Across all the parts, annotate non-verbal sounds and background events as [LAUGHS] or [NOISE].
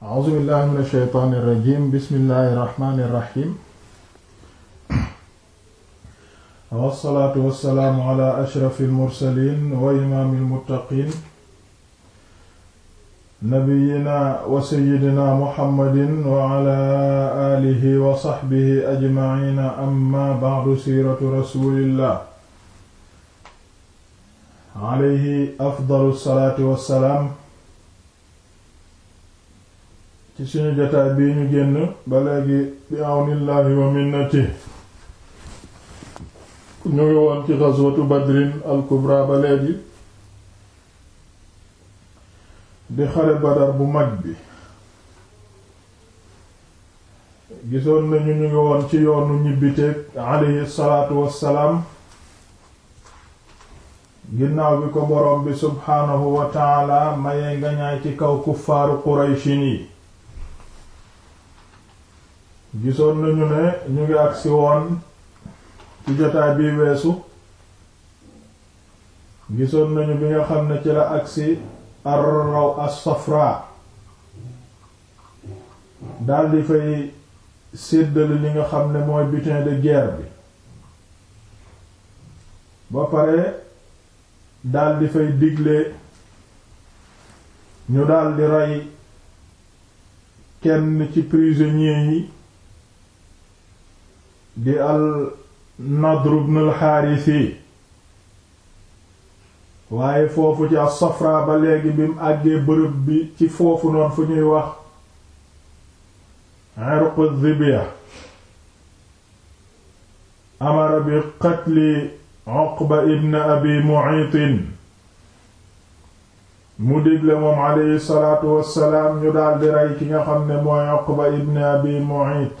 a'uuzu billahi mina shaytaani rajiim bismillahi rahmaani rahiim wassalaatu wassalaamu ala ashrafil mursaliin wa imaamil muttaqiin nabiyyinaa wa sayyidinaa muhammadin wa ala aalihi wa sahbihi ajma'iin amma ba'du siiratu rasuulillah alayhi afdalu salaatu wassalaam ci suñu jotaay bii ñu génn ba léegi bi awnillahi wa minnati ñu ngi woon ci ghazwatu badrin al ba léegi di xare badar bu mag bi gisoon nañu ñu ngi woon ci yoonu ñibbiteeg alayhi salaatu wassalaam ginnaaw bi ko boroom bi subhaanahu wa taala mayee ngañaay ci kaw kuffaaru qurayshin yi gisoon nañu ne ñu ngi agsi woon ci jotaay bi weesu gisoon nañu bi nga xam ne ci la agsi ar-raw as-safra fay séddali li nga xam ne mooy butin de guerre bi ba pare daldi fay digle ñu daldi rey kenn ci prisonniers yi di al Nadr ibn al Xaarisi waaye foofu ci as-Safra ba léegi bi mu àggee bërëb bi ci foofu noonu fu ñuy wax Irq az-Zibiya amara bi qatli Uqba ibn Abi Mu'ayt mu digle moom alayhi salaatu wassalaam ñu daldi rey ki nga xam ne mooy Uqba ibn Abi Mu'ayt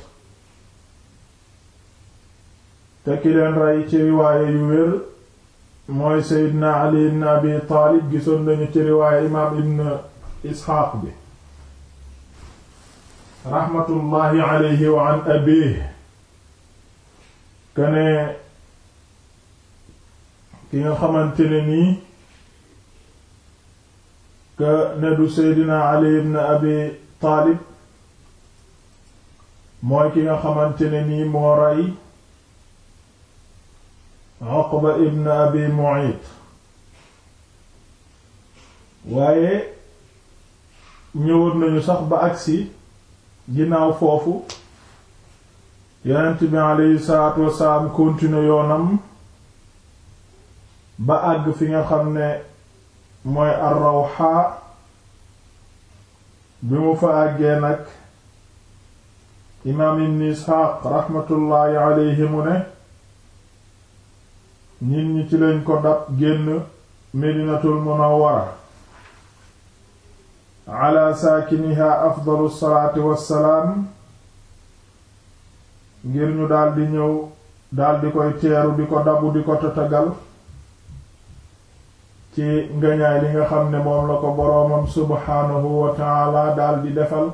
te ki leen rey ci riwaaye yu wér mooy seydna ali ibn abi taalib gisoon nañu ci riwaaye imaam ibn isxaaq bi raxmatullaahi alayhi wa abiih kane ki nga xamante ne nii ka ne du ali ibn abi taalib mooy ki nga xamante ne nii moo rey Uqba ibn Abi waaye ñëwoon nañu sax ba agsi ginnaaw foofu yonent bi aleyhi salaatu wasalaam continuer yoonam ba àgg fi nga xam ne mooy ar-Rawha bi mu fa àggee nag imaam ibn raxmatullaahi aleyhi ne nit ñi ci lañ ko dab génn medinatul munawwara ala saakiniha afdalu salaati wassalaam ngir ñu daldi ñëw daldi koy teeru di ko dabu di ko tatagal ci ngañaay li nga xam ne moom la ko boroomam subhaanahu wa daldi defal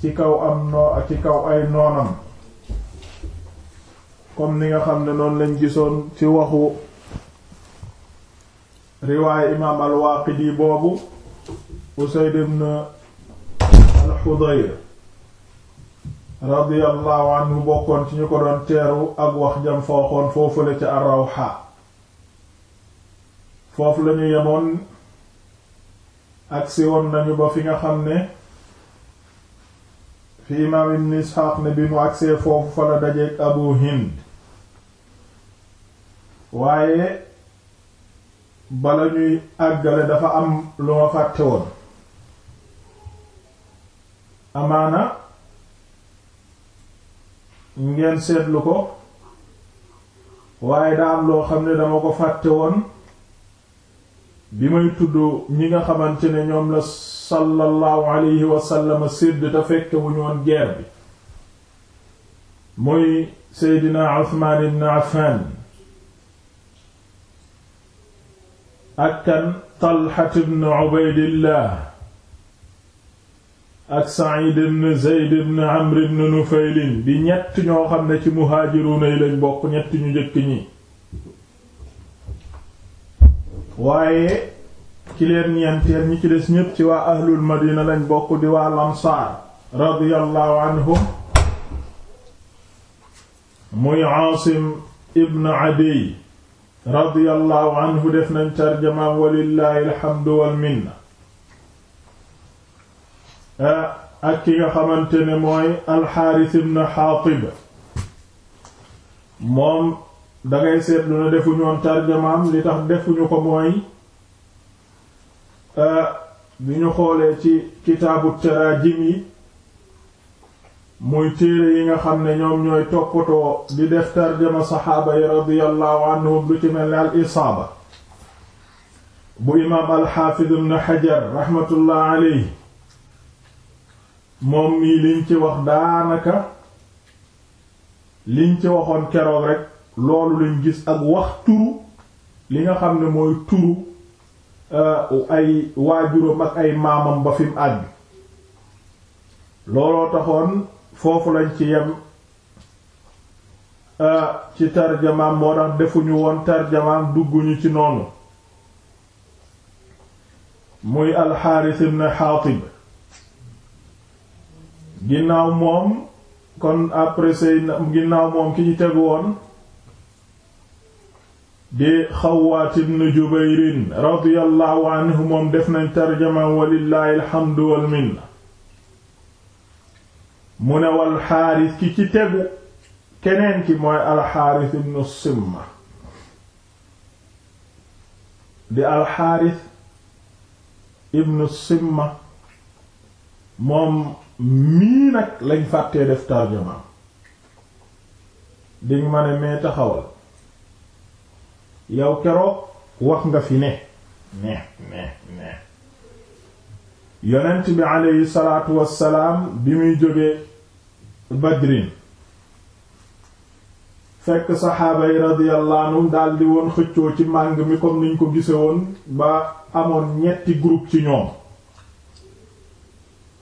ci kaw am noo ci kaw ay noonam comme ni nga xam ne noonu lañ gisoon ci waxu riwaaya imaam al-Waaqidi boobu Usayd ibn al-Hudayr radiyallahu anhu bokkoon ci ñu ko doon teeru ak wax jam fooxoon foofu foofu lañu yemoon agsi woon nañu ba fi nga xam ne fi imaam ibn Isxaaq ne bi mu agsee foofu fa la dajeek Abu Hind waaye bala ñuy àggale dafa am lu ma fàtte woon amaana ngeen seetlu ko waaye daa am loo xam ne dama ko fàtte woon bi may tudd ñi nga xamante ne ñoom la sallallahu alayhi wa sedd sédd te fekk wu ñu woon bi muy Seydina Usmaan ibn Affan ak kan Talha ibn Ubaydillah ak Sa'id ibn Zayd ibn Amr ibn Nufayl di ñett ñoo xam ne ci muhaajiruuna yi lañ bokk ñett ñu njëkk ñi waaye ci leen ñeenteel ñi ci des ñépp ci waa ahlul madina lañ bokk di waa lansaar radiyallahu anhum muy Aasim ibn Adiy radiyallahu anhu def nañ tarjamaam walillahi alhamdu wal minna eh, ak ki nga xamante ne mooy alxaaris ibn xaatib moom dangay seetlu ne defu ñoon tarjamaam li tax defuñu ko mooy eh, bi ñu xoolee ci kitaabu taraajim yi mooy téere yi nga xam ne ñoom ñooy toppatoo di def tarjama saxaaba yi radiyallahu anhum lu ci mel ne al isaaba bu imaam alxaafid ibn xajar raxmatullah aleyhi moom mii liñ ci wax daanaka liñ ci waxoon keroog rek loolu luñ gis ak wax turu li nga xam ne mooy turu uh, ay waajuram ak ay maamam ba fi mu looloo taxoon foofu lañ ci yem ah, ci tarjamaam moo defuñu woon tarjamaam dugguñu ci noonu muy alxaaris xaatib ginnaaw moom kon après say ginnaaw moom ki ci tegu woon di xawaat jubayrin radiyallahu anhu moom def nañ tarjamaam walillahi alhamdu wal mu ne wal xaaris ki ci tegu keneen ki mooy alxaaris ibnu simma di alxaaris ibnu simma moom mii nag lañ fàttee def tarjumaam diñ ma ne mee taxawal yow keroog wax nga fi ne ne ne ne yonent bi aleyhi salaatu wassalaam bi muy jógee badrin fekk saxaaba yi radiyallahu daldi woon xëccoo ci màng mi comme niñ ko gisewoon ba amoon ñetti groupe ci ñoom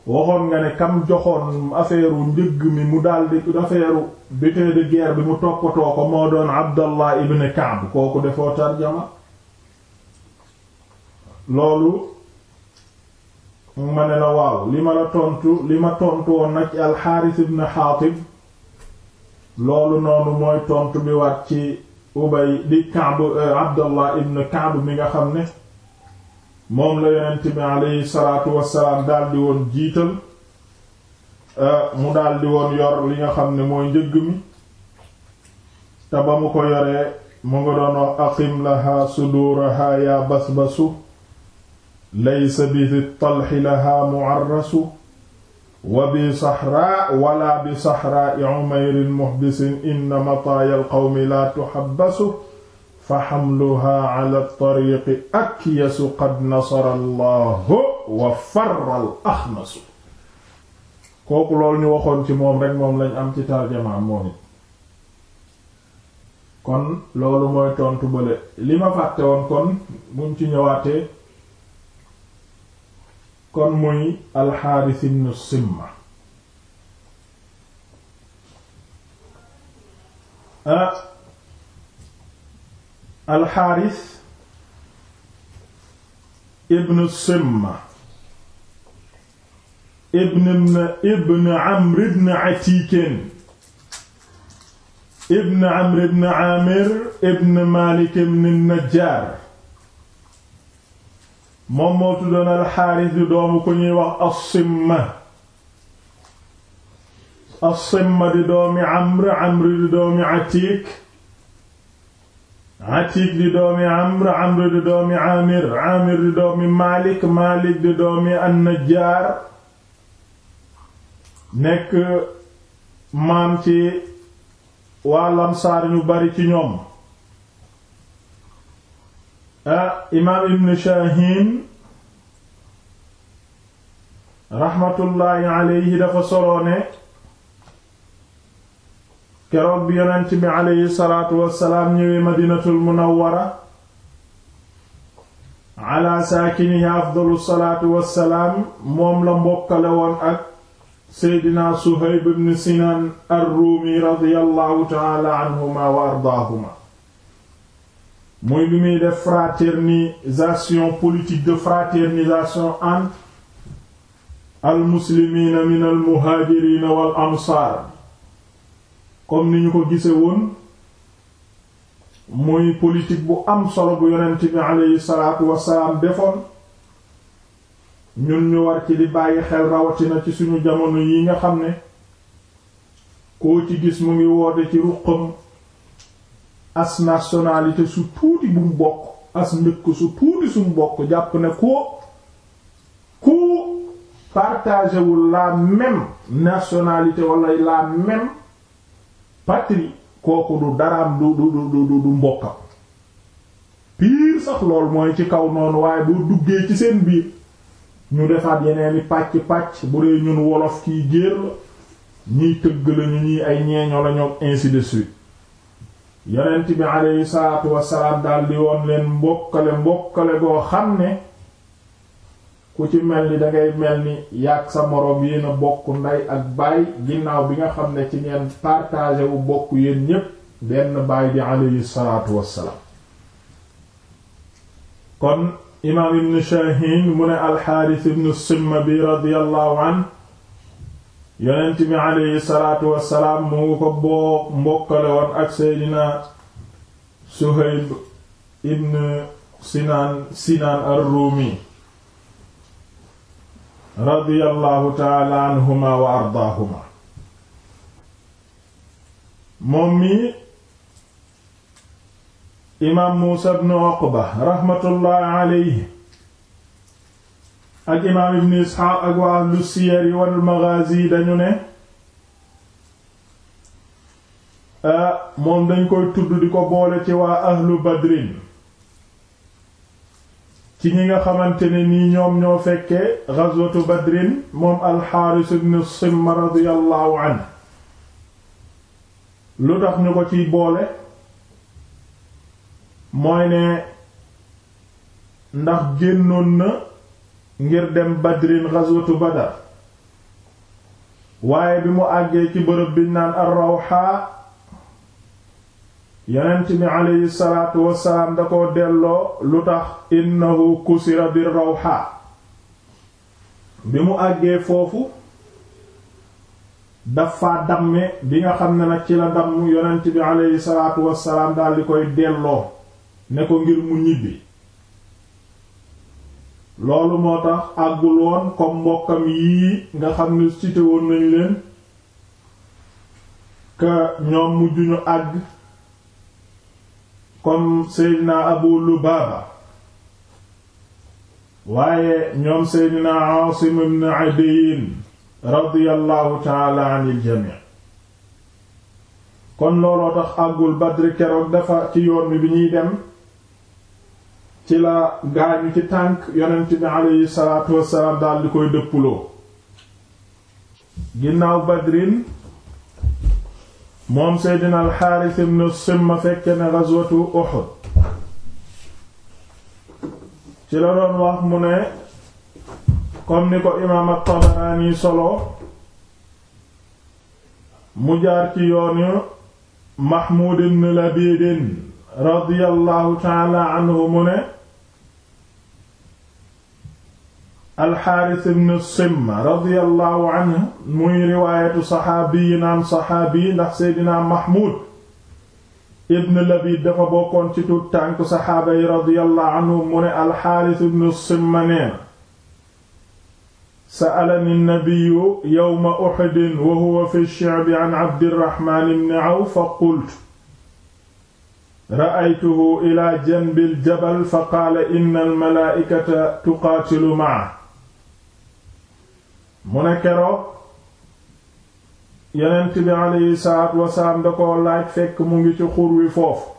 waxoon nga ne kam joxoon affaireu njëgg mi mu daldi affaireu butin de guerre bi mu toppatoo ko moo doon Abdallah ibn Ka'b kooku defoo tarjama loolu mu ma ne la waaw li ma la tontu li ma tontu woon nag ci alxaaris ibn xaatib loolu noonu mooy tontu bi waat ci ubay di Ka'b eh, abdallah ibn Ka'b mi nga xam ne moom la yonent bi aleyhi salaatu wassalaam daldi woon jiital eh, mu daldi woon yor li nga xam ne mooy njëgg mi te ba mu ko yoree mu nga doon wax aqim laha suduraha basbasu laysa bi di talxi laha mucarrasu wa bi saxraa wala bi saxraa i cumairin muxbisin inna mataaya alqawmi laa tuxabbasu fa xamluha cala tariqi akyasu qad nasara allahu wa farra al axnasu kooku loolu ñu waxoon ci moom rekk moom lañ am ci tarjamaa moom it kon loolu mooy tontu bële li ma fàtte woon kon buñ ci ñëwaatee kon muy alxaaris ibn simma ah alxaaris ibn simma ibn ibn amr ibn atiikin ibn amr ibn amir ibn malik ibn najjar moom moo tuddoon alxaaris di doomu ku ñuy wax assimma assimma di doomi amr amr di doomi atiik atiik di doomi amr amr di doomi amir amir di doomi maalik maalik di doomi annajjaar nekk maam ci waa lamsaar ñu bari ci ñoom ah imaam ibn Shaahin raxmatullaahi alayhi dafa soloo ne keroog bi yonent bi alayhi salaatu wassalaam ñëwee madinatul munawwara ala saakinihi afdalu salaatu wassalaam moom la mbokkale woon ak seydina Suhayb ibn Sinaan ar-Ruumi radiyallaahu ta'aala anhumaa wa ardaahuma muy bi muy def fraternisation politique de fraternisation entre al muslimina min al muhajirina wal ansaar comme ni ñu ko gise woon muy politique bu am solo bu yonent bi aleyhi salaatu wasalaam defoon ñun ñu war ci di bàyyi xel rawatina ci suñu jamono yi nga xam ne koo ci gis mu ngi woote ci ruqam as nationalité su tuuti bu mu as ndëkk su tuuti su mu jàpp ne ko ku partagé wul la même nationalité wala la même patrie kooku du daraam du du du du du mbokkam sax lool mooy ci kaw noonu waaye boo duggee ci seen biir ñu defaat yeneeni pàcc pàcc bu dee ñun wolof kii géer la ñiy tëgg lañu ñi ay ñeeño la ñoom ainsi de suite yonent bi aleyhi salaatu wassalaam daldi woon leen mbokkale mbokkale boo xam ne ku ci mel ni dangay mel ni yàgg sa moroom yéen a bokk ndey ak baay ginnaaw bi nga xam ne ci ngeen partagé wu bokk yéen ñépp benn baay di aleyhi salaatu wassalaam kon imaam ibn Shahin mu ne alxaaris ibn Simma bi radiyallahu an yonent bi aleyhi salaatu wassalaam mu ngi ko boo mbokkale woon ak seydina suhayb ibn sinaan sinaan ar-ruumi radiyallahu taala anhuma wa ardaahuma moom mi imaam muusa ibn uqba raxmatullaahi aleyhi ak imaam ibn isxaaq ak waa ahlu siyar wal maghazi dañu ne ah, moom dañ koy tudd di ko boole ci waa ahlu badrin ci ñi nga xamante ne nii ñoom ñoo fekkee ghazwatu badrin moom alxaaris ibn simma radiyallahu anhu lu tax ñu ko ciy boole mooy ne ndax génnoon na ngir dem badrin ghazwatu badar waaye bi mu àggee ci bërëb biñ naan ar-rawha yonent mi aleyhi salaatu wasalaam da ko delloo lu tax innahu kusira bir rawha bi mu àggee foofu dafa damme bi nga xam ne nag ci la damm yonent bi aleyhi salaatu wasalaam dal di koy delloo ne ko ngir mu ñibbi loolu moo tax àggul woon comme mbokkam yii nga xam ni cité woon nañ leen ka ñoom mujj ñu àgg comme Seydina Abu Lubaba waaye ñoom Seydina Asim ibn Adiyin radiyallahu taala anil jami kon looloo tax àggul Badr keroog dafa ci yoon bi bi ñuy dem ci la gaañu ci tànk yonent bi aleyhi salaatu wassalaam daal di koy dëppuloo ginnaaw badrin moom seydina alxaaris ibn simma fekke na gazwatu uhud ci la doon wax mu ne comme ni ko imaam tabaraani solo mu jaar ci yoonu mahmud ibn labidin radiyallahu taala mu ne alxaaris ibn simma radiallahu anhu muy riwaayatu saxaabi yi naan saxaabi yi ndax seydinaa mahmud ibn labid dafa bokkoon ci tut tànk saxaaba yi radiallahu anhu mu ne alxaaris ibn simma nee na sa'alani nabiyu yawma uhudin wa huwa fi shi'bi an abdirrahmaan ibn awf fa qultu ra'aytuhu ila janbil jabal fa qaala inna almalaa'ikata tuqaatilu ma'ahu mu ne keroog yonent bi alayhi salaatu wasalaam da ko laaj fekk mu ngi ci xur wi foofu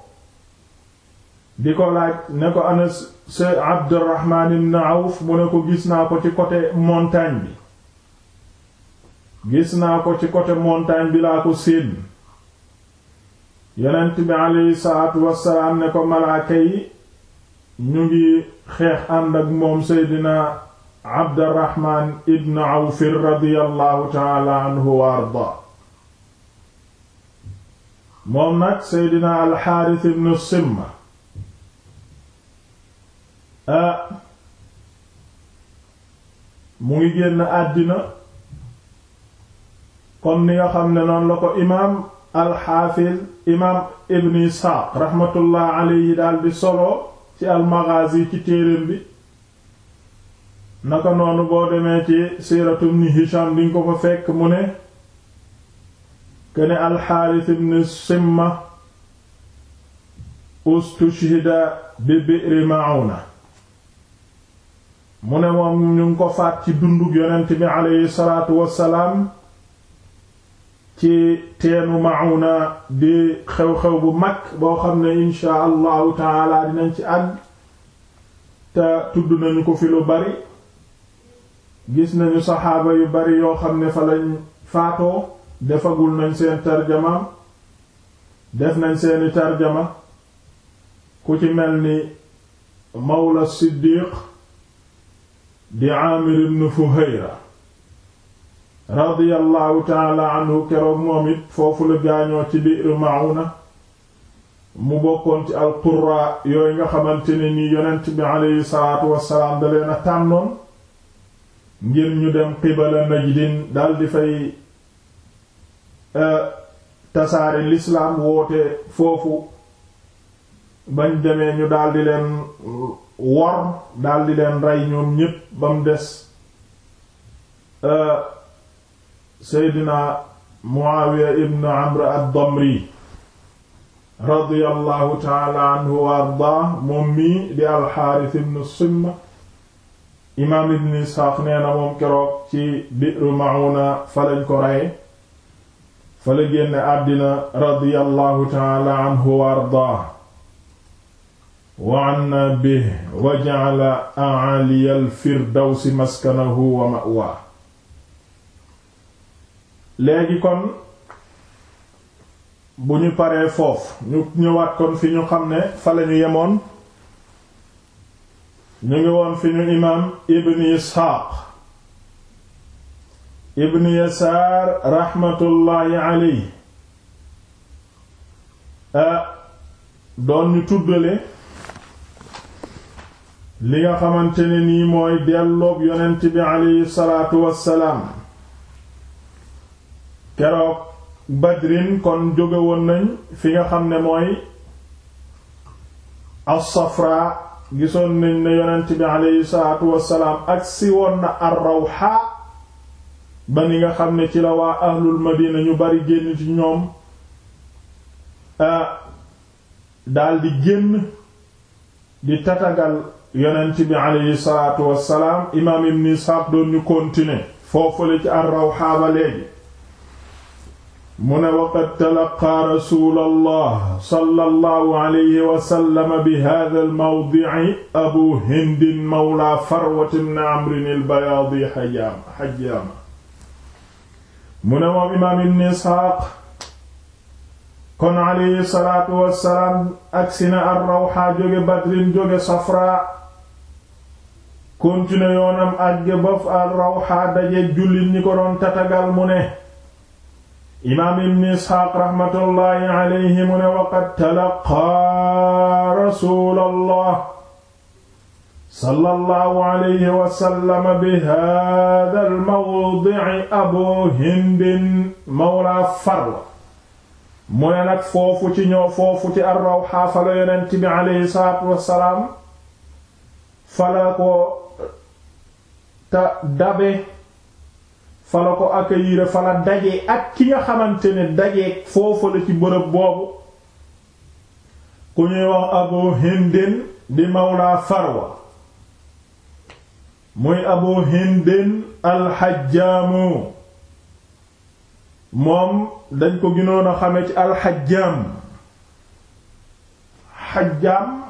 di ko laaj ne ko ana se Abdurrahman ibn Awf mu ne ko gis naa ko ci côté montagne bi gis naa ko ci côté montagne bi laa ko séen yonent bi alayhi salaatu wasalaam ne ko malaaka yi ñu ngi xeex ànd ak moom Seydina abdarrahman ibn awf radiyallahu taala anhu wa arda moom nag seydina alxaaris ibn simma a ah, mu ngi génn àddina comme ni nga xam ne noonu la ko imaam alxaafiz imaam ibn isxaaq raxmatullah alayhi daal di solo ci almagazi ci téereem bi naka noonu boo demee ci siiratu ibn Hisham diñ ko fa fekk mu ne kene alxaaris ibn simma ustushhida bi bi'ri ma'una mu ne moom ñu ngi ko faat ci dundug yonent bi aleyhi salaatu wassalaam ci teenu ma'una di xew-xew bu mag boo xam ne inshaa allahu taala dinañ ci àgg te tudd nañu ko fi lu bari gis nañu saxaaba yu bari yoo xam ne fa lañ faatoo defagul nañ seen tarjamaam def nañ seeni tarjama ku ci mel ni mawla siddiq di aamir ibn fuhayra radiyallahu taala anhu keroog moom it foofu la gaañoo ci biir mauna mu bokkoon ci alqurra yooyu nga xamante ne nii yonent bi aleyhi salaatu wassalaam da leen a tànnoon ngir ñu dem qibala najdin dal fay e, tasaare lislaam woote foofu bañ demee ñu dal leen wor dal di leen rey ñoom ñépp ba mu des e, seydina muawiya ibn amr ad-damri radiyallahu taala anhu wa ardaa moom mii di alxaaris ibn simma imaam ibn isxaaq nee na moom keroog ci bi'ru fa lañ ko rey fa la génne àddina radiyallahu taala anhu wa ardaa wa anna bihi wa ja'ala a'aliyal firdawsi maskanahu wa ma'waa léegi kon bu ñu paree foofu ñu ñëwaat kon fi ñu xam ne fa lañu yemoon ñu ngi woon fi ñu imaam ibn isxaaq ibn yasaar raxmatullaahi alayhi doon ñu tuddale li nga xamante ne nii mooy delloob yonent bi alayhi salaatu wassalaam keroog badrin kon jóge woon nañ fi nga xam ne mooy as gisoon nañ ne yonent bi aleyhi salaatu wassalaam agsi woon na ar-Rawha ba ni nga xam ne ci la waa ahlul madina ñu bari génn ci ñoom daldi génn di tatagal yonent bi aleyhi salaatu wassalaam imaam ibn Isxaaq doon ñu continuer foofale ci ar-Rawha ba mu ne waqad talaqaa rasuulallah sallallahu alayhi wa sallam bi haadhal mawdi'i abu hindin mawla farwat ibn amrin al-bayaadi hajjaama mu ne moom ibn isxaaq kon alayhi salaatu wassalaam agsi na ar-rawxaa jóge badrin jóge safraa continué yoonam àgg ba fa ar daje jullit ñi ko doon tatagal imaam ibn isxaaq raxmatullaahi alayhi mu ne waqad talaqaa rasuulallah sallallahu alayhi wa sallam bi haadal mawdi'i abu hindin mawla farwa mu ne nag foofu ci ñoo foofu ci ar-Rawha fa la yonent bi alayhi salaatu wassalaam fa la ko ta dabe fa la ko accueillir fa la ak ki nga xamante ne dajee foofu la ci bërëb boobu ku ñuy wax abu hindin di mawla farwa muy abu hindin alxajjaamu moom dañ ko ginoon a xame ci alxajjaam xajjaam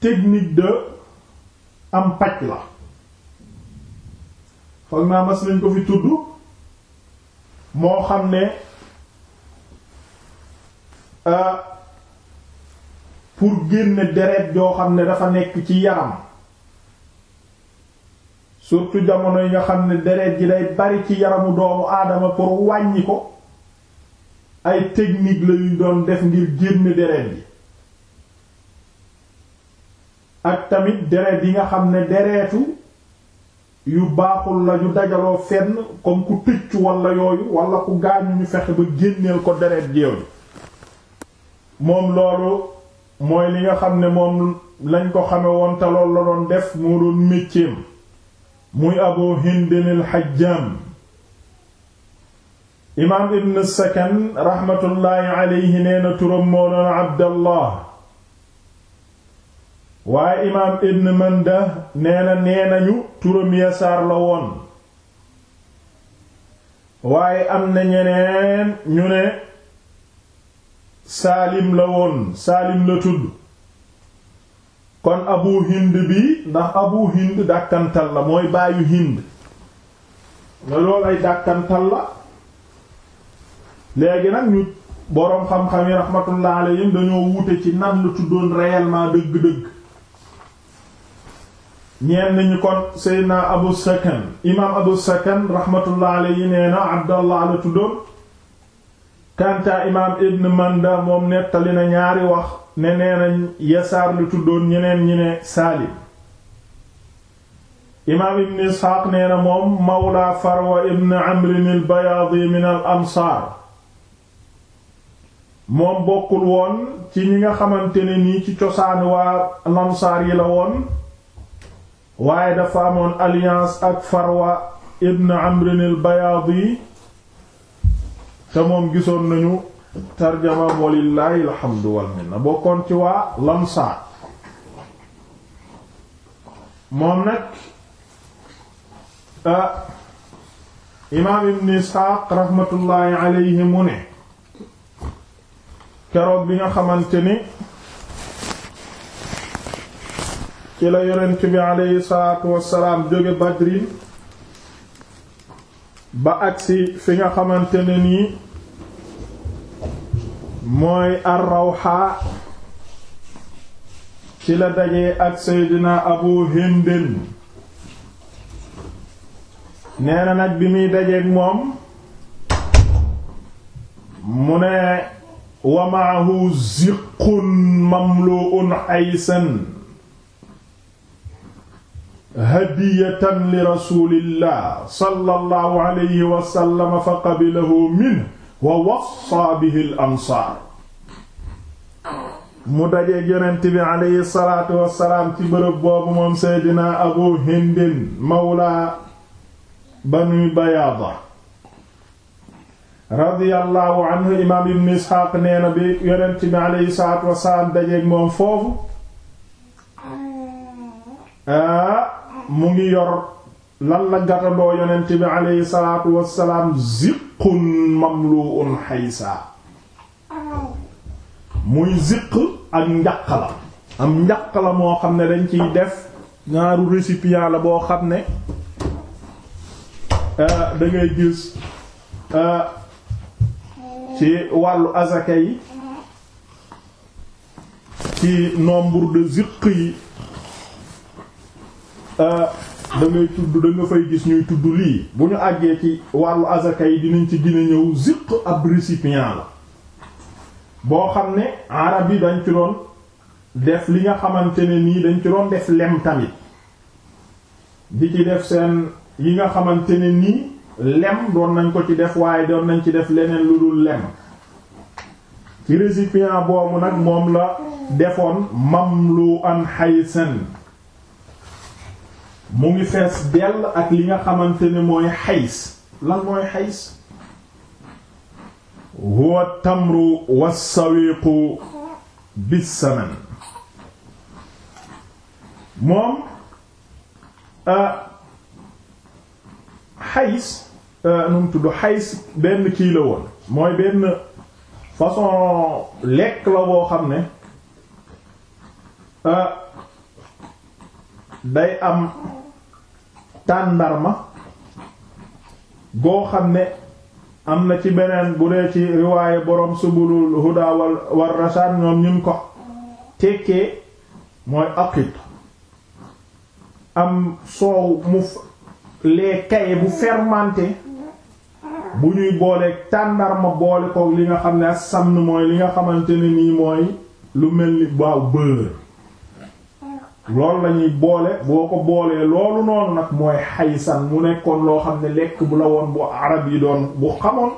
technique de am paj la foog naa mas nañ ko fi tudd moo xam ne euh, pour génne deret joo xam ne dafa nekk ci yaram surtout jamono yi nga xam ne deret ji day bari ci yaramu doomu aadama pour wàññi ko ay technique lañuy doon def ngir génne deret ji ak tamit deret yi nga xam ne deretu yu baaxul la yu dajaloo fenn comme ku tëcc wala yooyu wala ku gaañu fexe ba génneel ko deret jeew ji moom loolu mooy li nga xam ne moom lañ ko xame woon te loolu la doon def moo doon mécceem muy abu hindinil xajjaam imaam ibn sakan raxmatullaahi aleyhi nee turam moo doon abdallah waaye imaam ibn manda nee na nee nañu turam yasaar la woon waaye am na ñeneen ñu ne saalim la woon saalim la tudd kon abu hind bi ndax abu hind dàkkantal la mooy baayu hind nga lool ay dàkkantal la léegi nag ñu boroom xam-xam yi rahmatullah alayhim dañoo wuute ci nan la tuddoon réellement dëgg-dëgg ñeen nañu kon seydna abu sakan imaam abu sakan rahmatullah alayhi nee na abdallah la tuddoon kantaa imaam ibn manda moom nettali na ñaari wax ne nee nañ yasaar la ñeneen ñi ne saalim imaam ibn isxaaq nee na moom mawla farwa ibn amrin bayaadi min ansaar moom bokkul woon ci ñi nga xamante ni nii ci cosaan waa lansaar yi la woon waaye dafa amoon alliance ak Farwa ibn Amrin al te moom gisoon nañu tarjamaam walillaahi alhamdu bokkoon ci waa Lamsaar moom nag ah, imaam ibn Isxaaq raxmatullaahi mu ne keroog bi nga xamante ni ci la yonent bi aleyhi salaatu wassalaam jóge badrin ba agsi fi nga xamante ne nii mooy arrawxaa ci la daje ak seydina abu hindin nee nag bi muy dajeeg moom mu ne wa maahu ziqun mamluun aysan hadiyatan li rasulillah sallallahu alayhi wa sallam fa qabilahu minhu wa wassa bihi al ansaar mu dajeeg yonent bi alayhi salaatu wassalaam ci bërëb boobu moom seydina abu hindin mawla banu bayaada radiyallahu anhu imaam ibn isxaaq nee na bi yonent bi alayhi salaatu wassalaam dajeeg moom foofu ah, ah. mu ngi yor lan la gatandoo yonent bi aleyhi salaatu wassalaam ziqun mamlu'un xaysa muy ziq ak njaq la am njaq la moo xam ne dañ ciy def ñaaru récipient la boo xam ne euh, dangay gis euh, ci wàllu azaka yi ci nombre de ziq yi Ah, da ngay tudd danga nga fay gis ñuy tudd lii bu ñu àggee ci wàllu azaka yi dinañ ci gën a ñëw ziq ab récipient la boo xam ne arab yi dañ ci doon def li nga xamante ne nii dañ ci doon def lem tamit di ci def seen yi nga xamante ne nii lem doon nañ ko ci def waaye doon nañ ci def leneen lu dul lem ci récipient boobu nag moom la defoon lu an haysan mu ngi fees dell ak li nga xamante ne mooy xays lan mooy xays huwa tamru wassawiqu bisaman moom euh, xays euh, nu mu tudd xays benn kii la woon mooy benn façon lekk la boo xam ne euh, day am tàndarma goo xam ne am na ci beneen bu dee ci riwaaye boroom subulul huda war rashad ñoom ñun ko tekkee mooy aqit am soow mu lee kaye bu fermenté bu ñuy booleeg tàndarma boole ko li nga xam ne ak mooy li nga xamante ne nii mooy lu mel ni baaw beurre loolu lañuy ñuy boole boo ko boolee loolu noonu nag mooy xaysan mu nekkoon loo xam ne lekk bu la woon bu arab yi doon bu xamoon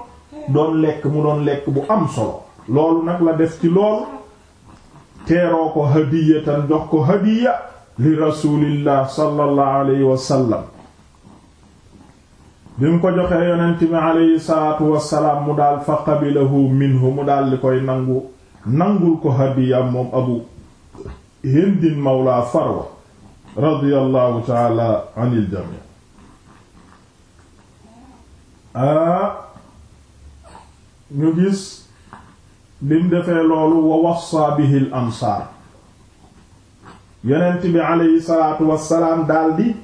doon lekk mu doon lekk bu am solo loolu nag la def ci loolu teeroo ko hadiyatan jox ko hadiya li rasulillah sallallahu alayhi bi mu ko joxee yonent bi alayhi salaatu wassalaam mu daal fa qabilahu minhu mu daal li koy nangu nangul ko hadiya moom abu hindin mawla farwa radiyallahu taala anil jami a ñu gis bim defee loolu wa wassa bihi l ansaar yonent bi aleyhi salaatu wassalaam daldi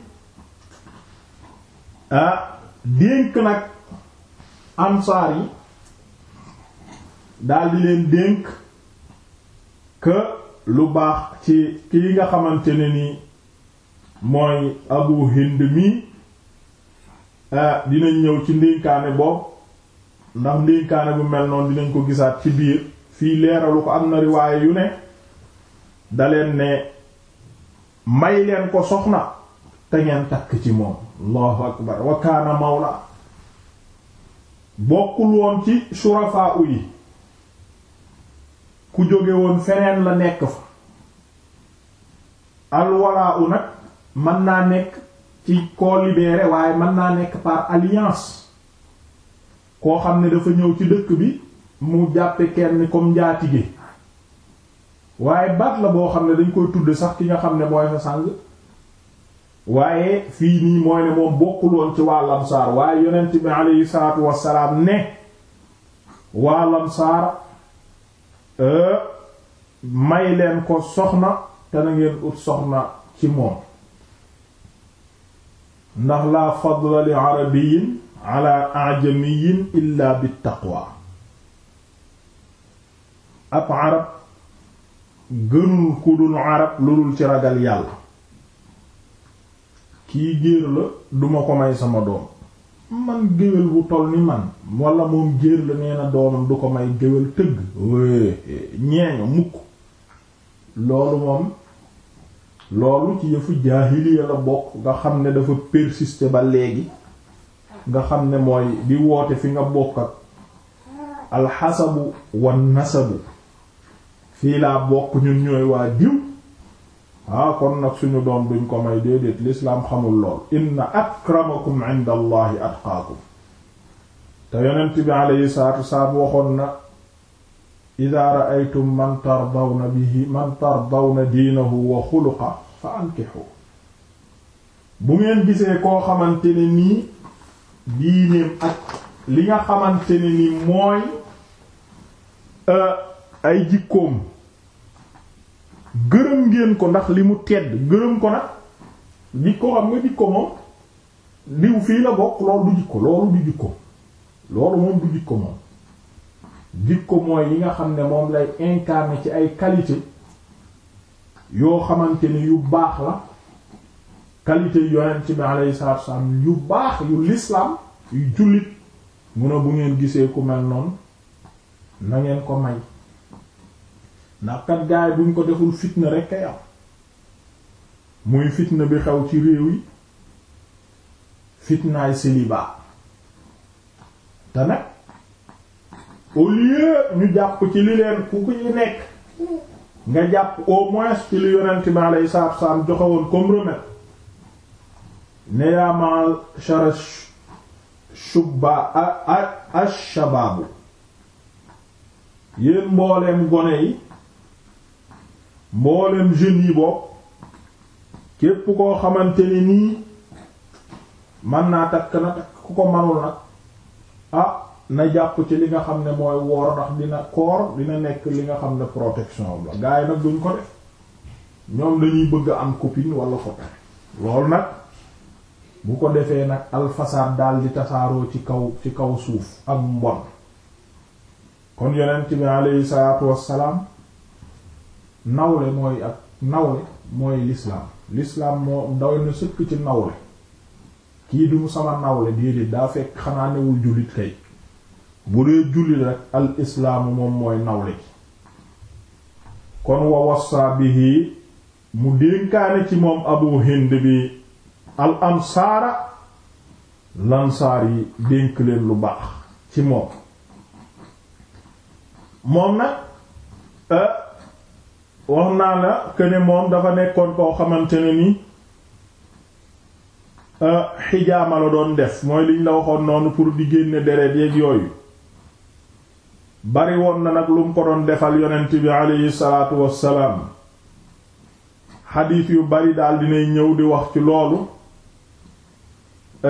dénk nag ansaar yi daldi leen dénk que lu baax ci ki nga xamante ne ni mooy Abu Hind mi dinañ ñëw ci ndénkaane boobu ndax ndénkaane bu mel noonu dinañ ko gisaat ci biir fii leeralu ko am na riwaaye yu ne daleen ne may leen ko soxna te ngeen takk ci moom allahu akbar wa kaana mawla bokkul woon ci surafaa yi ku jóge woon feneen la nekk fa alwalaa u nag mën naa nekk ci koo waaye mën naa nekk par alliance koo xam ne dafa ñëw ci dëkk bi mu jàppe kenn comme njaatige waaye baat la boo xam ne dañ koy tudd sax ki nga xam ne mooy sa sang waaye fii nii mooy ne moom bokkuloon ci waa lamsaar waaye yonent bi aleyhi salaatu wassalaam ne waa Euh, may leen ko soxna te na ngeen ut soxna ci moom ndax laa fadla li arabiyin ala ajamiyin illa bi taqwa ab arab gënul ku dul arab lu dul ci ragal yàlla kii géer la duma ko may sama doom man géwél bu toll ni man wala moom jéer la nee na doomam du ko may géwél tëgg ñeeño mukk loolu moom loolu ci yëfu jaahiliya la bokk nga xam ne dafa persister ba léegi nga xam ne mooy di woote fi nga bokk ak alxasabu wan nasabu fii laa bokk ñun ñooy waa diw ah kon nag suñu doom duñ ko may déedéet lislaam xamul lool inna akramakum inda allahi atqaakum te yonent bi alayhi salaatu waxoon na idaa ra'aytum man tardawna bihi man tardawna diinahu wa xuluqa fa ankihu bu ngeen gisee koo xamante ne nii diineem ak li nga xamante ne ni mooy euh, ay jikkoom gërëm ngeen ko ndax li mu tedd gërëm ko nag jikko xam nga ko moom diw fii la bokk loolu du jikko loolu du jikko loolu moom du jikko moom jikko mooy yi nga xam ne moom lay incarner ci ay qualité yoo xamante ni yu baax la qualité yonent bi alayhi salaatu wasallam yu baax yu lislaam yu jullit mun a bu ngeen gisee ku mel noonu na ngeen ko may ndax kat gaay buñ ko deful fitna rek kay muy fitna bi xew ci réew yi fitnaay célibat te nag au lieu ñu jàpp ci li leen ku ko ñu nekk nga jàpp au moins ci li yonent bi alayhi salaatu wa salaam comme remède ne yaa ma'al shubba ash-shabaabu yéen mbooleem gone yi mboolem jeunes yi bopp képp koo xamante ni man naa takk na ku ko manul nag ah na jàpp ci li nga xam ne mooy woor ndax dina koor dina nekk li nga xam ne protection la gars nag duñ ko def ñoom dañuy bëgg am copine wala copain loolu nag bu ko defee nag alfasaad daal di tasaaroo ci kaw suuf ak mbon kon yonent bi aleyhi salaatu wassalaam nawle mooy ak nawle mooy l'islam l'islam moo ndaw na sëkk ci nawle kii du mu sama nawle déedéet daa fekk xanaa newul jullit kay bu dee jullit rek al islaamu moom mooy nawle gi kon wa mu dénkaane ci moom abu hind bi al ansaara lansaar yi dénk leen lu baax ci moom moom nag euh, wax naa la këne moom dafa nekkoon koo xamante ne ni euh, xijaama la doon def mooy liñ la waxoon noonu pour di génne deret yeeg yooyu bari woon na nag lu mu ko doon defal yonent bi aleyhi salaatu wassalaam xadiis yu bari daal dinay ñëw di wax ci loolu kon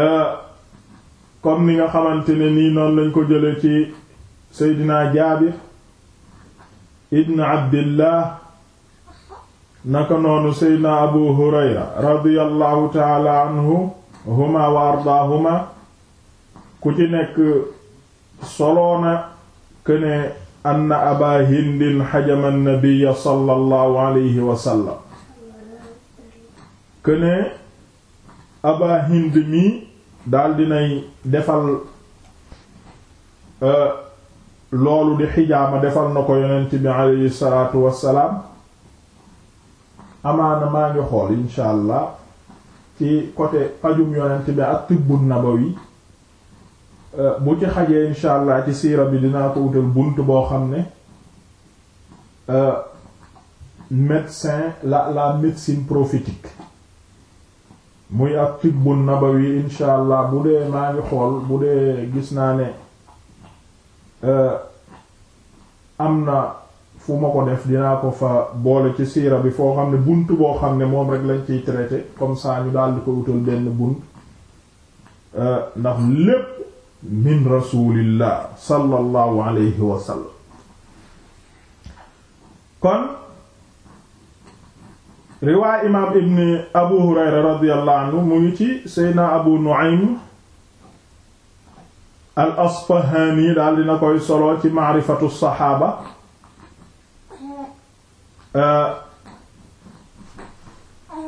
euh, ni nga xamante ne nii noonu lañ ko jële ci seydinaa jaabir ibn abdillah naka noonu seydna abu hurayra radiyallahu taala anhu huma wa ardaahuma ku ci nekk soloona këne anna aba hindin xajama nabiyya sallallahu alayhi wa sallam këne aba hind defal eh, loolu di xijaama defal na ko yonent alayhi salaatu wassalaam amaana maa ngi xool insha allah ci côté pajum yonent bi ak tibbun nabawi euh, bu ci xajee insha allah ci siira bi dinaa ko wutal bunt boo xam ne euh, médecin la la médecine prophétique muy ak tibbun nabawi insha allah bu dee maa ngi xool bu dee gis naa ne euh, am na fu ma ko def dinaa ko fa boole ci siira bi foo xam ne bunt boo xam ne moom rek lañ ci traité comme ça ñu daal di ko wutal benn bunt euh, ndax lépp min rasulillah sallallahu alayhi wa sallam kon riwaay imaam ibn abu hurayra radiyallahu anhu mu ngi ci seydna abu nu'aym al asfahani daal dina koy solo ci maarifatu saxaaba Euh,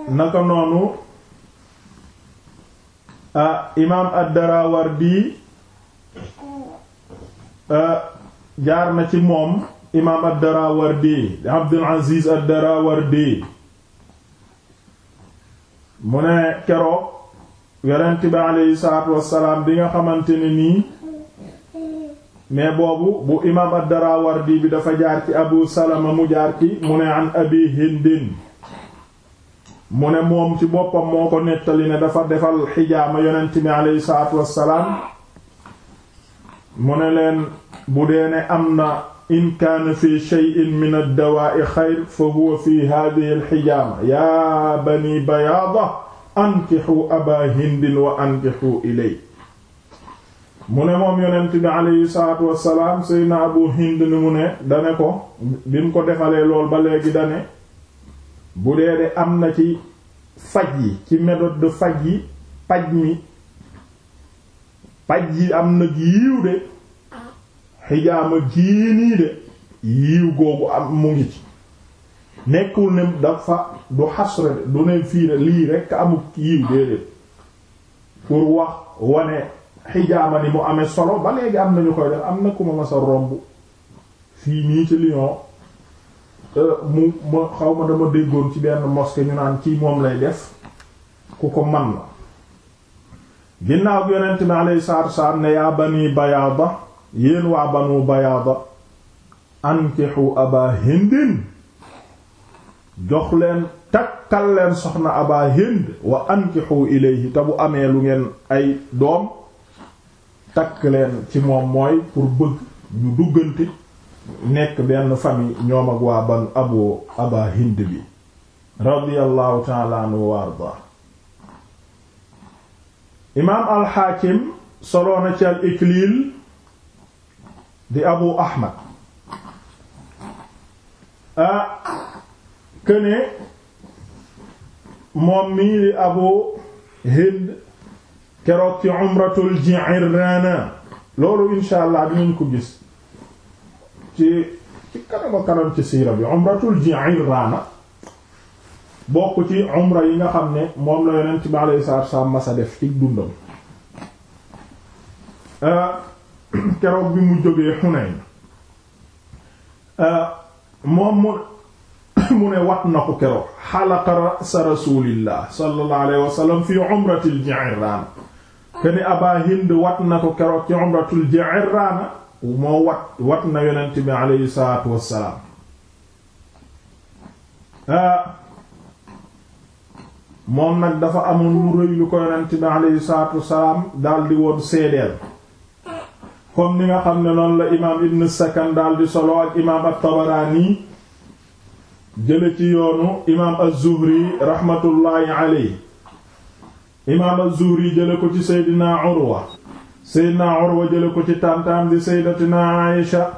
naka noonu ah, imaam ad-Darawardi ah, jaar na ci moom imaam ad-Darawardi Abdul Aziz ad-Darawardi mu ne keroog yonent bi aleyhi salaatu wassalaam bi nga xamante ne nii mais boobu bu imaam ad-Darawardi bi dafa jaar ci Abu Salama mu jaar ki mu ne an Abi Hindin mu ne moom ci boppam moo ko nettali ne dafa defal xijaama yonent mi aleyhi salaatu wassalaam mu ne leen bu dee ne am na in kaana fi shay'in min ad-dawaa'i xayr fa huwa fi haadihi al yaa bani bayaada ankixu aba hindin wa ankixu ilay mu ne moom yonent bi aleyhi salaatu wassalaam Seydina Abu Hind ni mu ne dane ko bi mu ko defalee lool ba léegi dane bu dee de am na ci faj yi ci méthode de faj yi paj mi paj yi am na yiiw de xijaama gii nii de yiiw googu am mu ngi ci nekkul ne dafa du xasre du ne fii ne lii rekk amul yiiw déedéet pour wax wane xijaama ni mu amee solo ba léegi am nañu koy def am na ku ma masa romb fii nii ci Lyon euh, mu ma xaw ma dama déggoon ci benn mosquée ñu naan ci moom lay def ku ko man la ginnaaw bi yonent bi alayhi salaatu wasalaam ne yaa bani bayaada yéen waa banu bayaada ankixu aba hindin jox leen takkal leen soxna aba hind wa ankixu ilayhi te bu amee lu ngeen ay doom takk leen ci moom mooy pour bëgg ñu duggante nekk benn famille ñoom ak waa ban abu aba bi radiyallahu taala wa arda imaam alxaakim soloona ci al ikliil di abu ahmad a këne moom mii di abu hind keroog ci umratul Ji'irraana loolu insha allah dinañ ko gis ci ci siira bi umratul Ji'irraana bokk ci umra yi nga xam ne moom la yonent bi alayhi salaatu wassalaam masa def ci ah, [CLEARS THROAT] bi mu jógee Hunayn ah, moom [COUGHS] mu ne wat na ko xalaqa rasuulillah sallallahu alayhi wa sallam fi umratil Ji'irraana këni Abaa Hind wat na ko keroog ci umratul Ji'raana moo wat wat ah, moom nag dafa amoon lu rëy lu ko yonent bi aleyhi salaatu wassalaam daldi woon seedeel comme ni nga xam ne noonu la imaam Ibn Sakan daldi solo ak imaam at-Tabaraani jële ci yoonu imaam az-Zuhri raxmatullaahi aleyhi imaam az-Zuhri jële ko ci seydina Urwa seydina Urwa jële ko ci tàntaam di seydatina Aïsha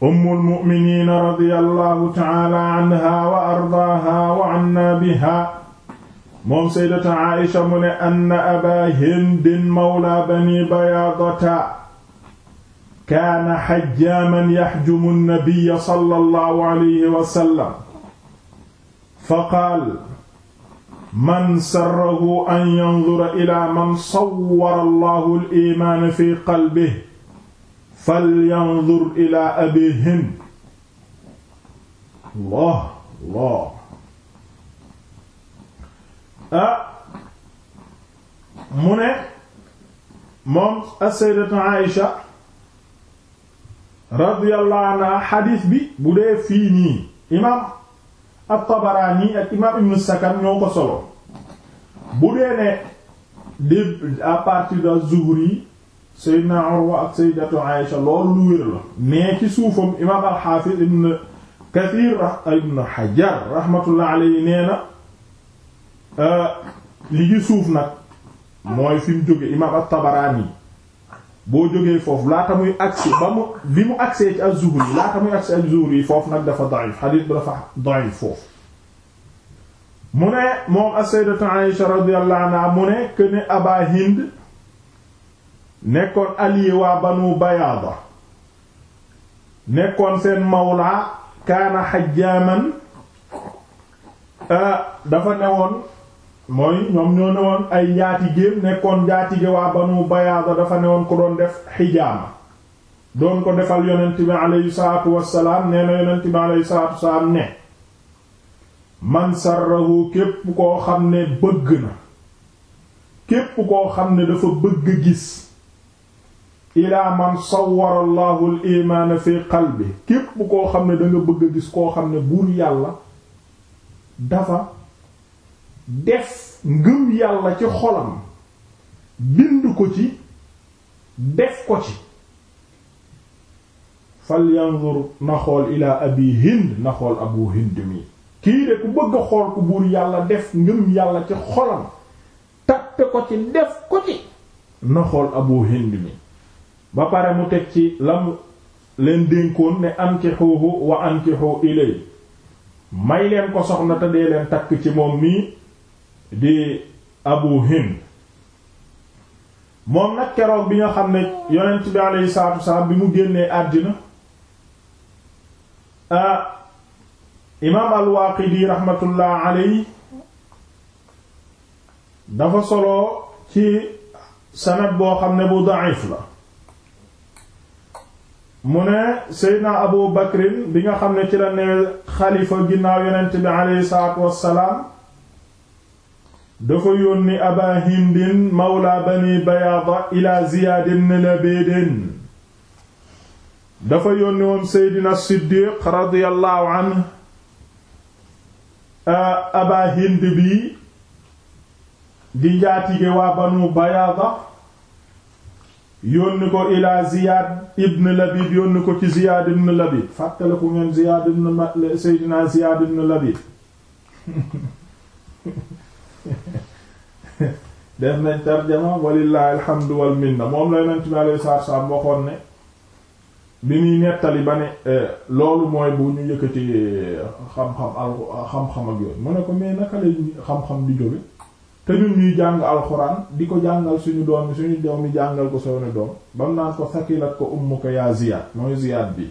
ummul mu'miniina radiyallahu ta'ala anha wa ardaaha wa anna biha moom seydata Aïsha mu ne anna aba hindin mawla bani bayaadata kaana xajjaaman yaxjumu nabiyya sallallahu alayhi wa sallam fa qaal man sarrahu an yanzura ila man sawwara allahu al-iimaana fi qalbihi falyanzur ila abiihi hind allah allah ah mu ne moom as-sayyidatu Aïsha radiyallahu anha xadiis bi bu dee fii nii imaam at-Tabarani ak imam Ibn Sakan ñoo ko solo bu dee ne de à partir de az-Zuhri Sayyidina Urwa ak Sayyidatu Aïsha loolu lu wér la mais ci suufam imam al-Hafiz Ibn Kathir Ibn Hajar rahmatullah alayhi nee na euh, li ci suuf nag mooy fi mu jóge imam at-Tabarani boo jógee foofu laata muy agsi ba mu bi mu agsee ci az-Zuhri laata muy agsi az-Zuhri foofu nag dafa da'if xadiis bi dafa da'if foofu mu ne moom as-sayyidatu Aïsha radiyallahu anha mu ne que Aba Hind nekkoon allié waa Banu Bayaada nekkoon seen mawlaa kaana xajjaaman euh, dafa woon mooy ñoom ñoo newoon ay jaatigéem nekkoon jaatige waa banu bayaada dafa newoon ko doon def xijaama doon ko defal yonent bi aleyhi salaatu wassalaam nee na yonent bi aleyhi ne man sarrahu képp koo xam ne bëgg na képp koo xam ne dafa bëgg gis ilaa man sawwara allahu al xal bi qalbi képp koo xam ne danga bëgg a gis koo xam ne buur yàlla dafa def ngëm yàlla ci xolam bind ko ci def ko ci fal na xool ilaa abi hind na xool abu hind mi kii de ku bëgg xool ku buur yàlla def ngëm yàlla ci xolam tatte ko ci def ko ci na xool abu hind mi ba pare mu teg ci la leen dénkoon ne ankixuhu wa ankixu ilay may leen ko soxna te dee leen takk ci moom mii di abu hind moom nag keroog bi nga xam ne yonent bi alayhi salaatu wasalaam bi mu génnee àddina ah imaam al-Waaqidi rahmatullah dafa solo ci sanad boo xam ne bu da'if la mu ne Seydina Abu Bakrin bi nga xam ne ci la ne xalifa ginnaaw yonent bi alayhi salaatu wasalaam dafa yónni aba hindin mawla bani bayaada ila ziyaad ibn labiid dafa yónni woon seydina siddiq radiyallahu anhu aba di njaatige waa banu bayaada yónni ko ila ziyaad ibn labiid yónni ko ci ziyaad ibn labiid fàttale ku ngeen ziyaad ibn seydina ziyaad ibn labiid [LAUGHS] [LAUGHS] def nañ tarjama walillahi alhamdu wal moom la yonent bi alayhi salaatu salaam waxoon ne bi muy nettali ba ne eh, loolu mooy bu ñu yëkkati eh, xam-xam al xam-xam ak yooyu mu ko mais naka lay xam-xam di jóge te ñun ñuy jàng alxuraan di ko jàngal suñu doom suñu doom yi jàngal ko sowne doom bam naan ko sakilat ko ummuka yaa Ziyaad mooy Ziyaad bi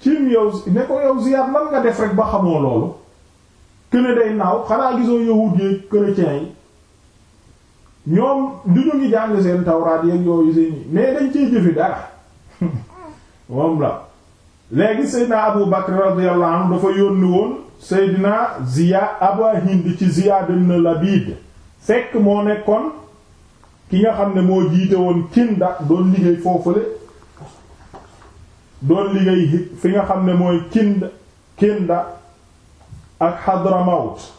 cim yow ne ko yow Ziyaad lan nga def rek ba xamoo loolu këne day naaw xanaa gisoo yahuud yi chrétiens yi ñoom du ñu ngi jàng seen tawraat yeeg yooyu seen yi mais dañ cee jëfe dara [LAUGHS] moom la léegi seydina abu bakr radiyallahu anhu dafa yónni woon seydina ziyaad aba hind ci ziyaad ibn labid fekk moo nekkoon ki nga xam ne moo jiite woon kinda doon liggéey foofule doon liggéey fi nga xam ne mooy kind kinda ak hadramawt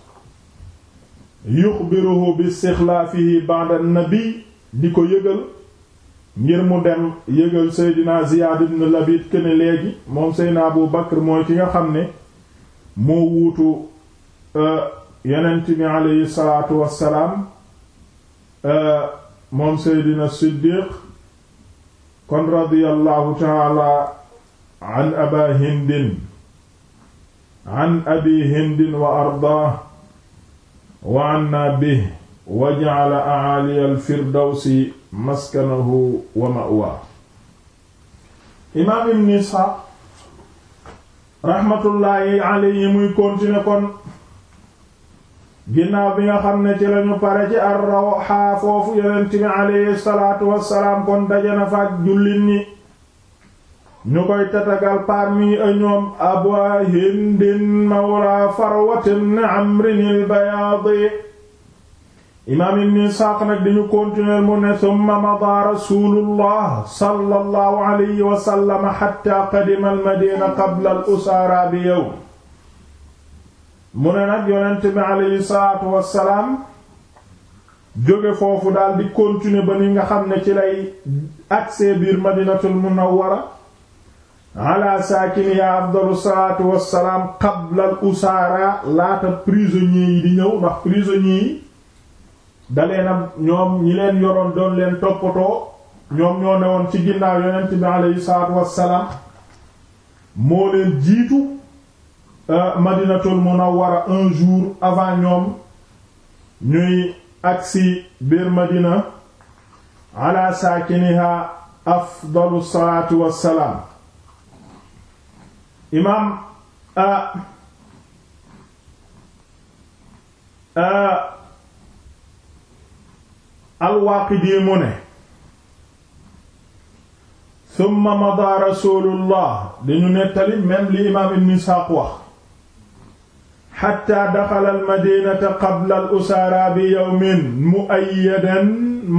yuxbiruhu bi istixlaafihi ba'da nabi di ko yëgal ngir mu dem yëgal seydina Ziyaad ibn Labiid këne léegi moom seydina Abu Bakr mooy ki nga xam ni moo wuutu euh, yonent bi aleyhi salaatu wassalaam euh, moom seydina Siddiq kon radiyallahu taala an hindin an abi hindin wa ardaah wa anna bihi wa ja'ala a'ali al-firdawsi maskanahu wa ma'wa imaam ibn Isxaaq raxmatullaahi alayhi muy continuer kon ginnaaw bi nga xam ne ci lañu pare ci ar-Rawhaa foofu yonent bi alayhi salaatu wassalaam kon dajana fa jullit ñi ñu koy tatagal parmi a ñoom abwa hindin mawla farwatin amrinil bayaadi imaam ibn Isaaq nag diñu continuer mu ne summa mada rasulullah sallallahu alayhi wa sallam qadima almadina qabla al usaara bi yawm mu ne nag yonent bi salaatu wassalaam jóge foofu daal di continuer ba ni nga xam ne ci lay agsee biir madinatul munawwara ala saakiniha afdalu salaatu wassalaam qabla al usaara laata prisonniers yi di ñëw ndax prisonniers yi dalee na ñoom ñi leen yoroon doon leen toppatoo ñoom ñoo newoon ci ginnaaw yonent bi alayhi salaatu wassalaam moo leen jiitu euh, madinatul munawwara un jour avant ñoom ñuy agsi biir madina ala saakiniha afdalu salaatu wassalaam imaam euh, euh, al-Waaqidi mu ne summa mada rasulullah dañu nettali même li imaam ibn Isxaaq wax xatta daxala almadinata qabla al-usaara bi yawmin mu'ayyadan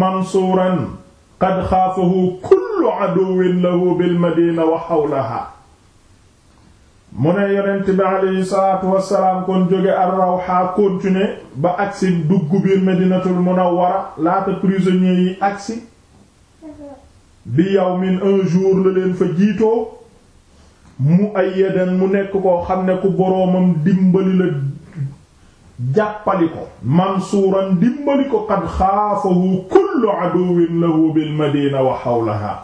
mansuuran qad xaafahu kullu aduwwin lahu bilmadina wa xawlaha mu ne yonent bi aleyhi salaatu wassalaam kon jóge ar-Rawha continuer ba agsi dugg biir Medinatul Munawwara laata prisonniers yi agsi bi yawmin un jour la leen fa jiitoo mu ayyadan mu nekk koo xam ne ku boroomam dimbali la jàppali ko mansuuran dimbali ko qad xaafahu kullu aduwwin lahu bil Madina wa hawlaha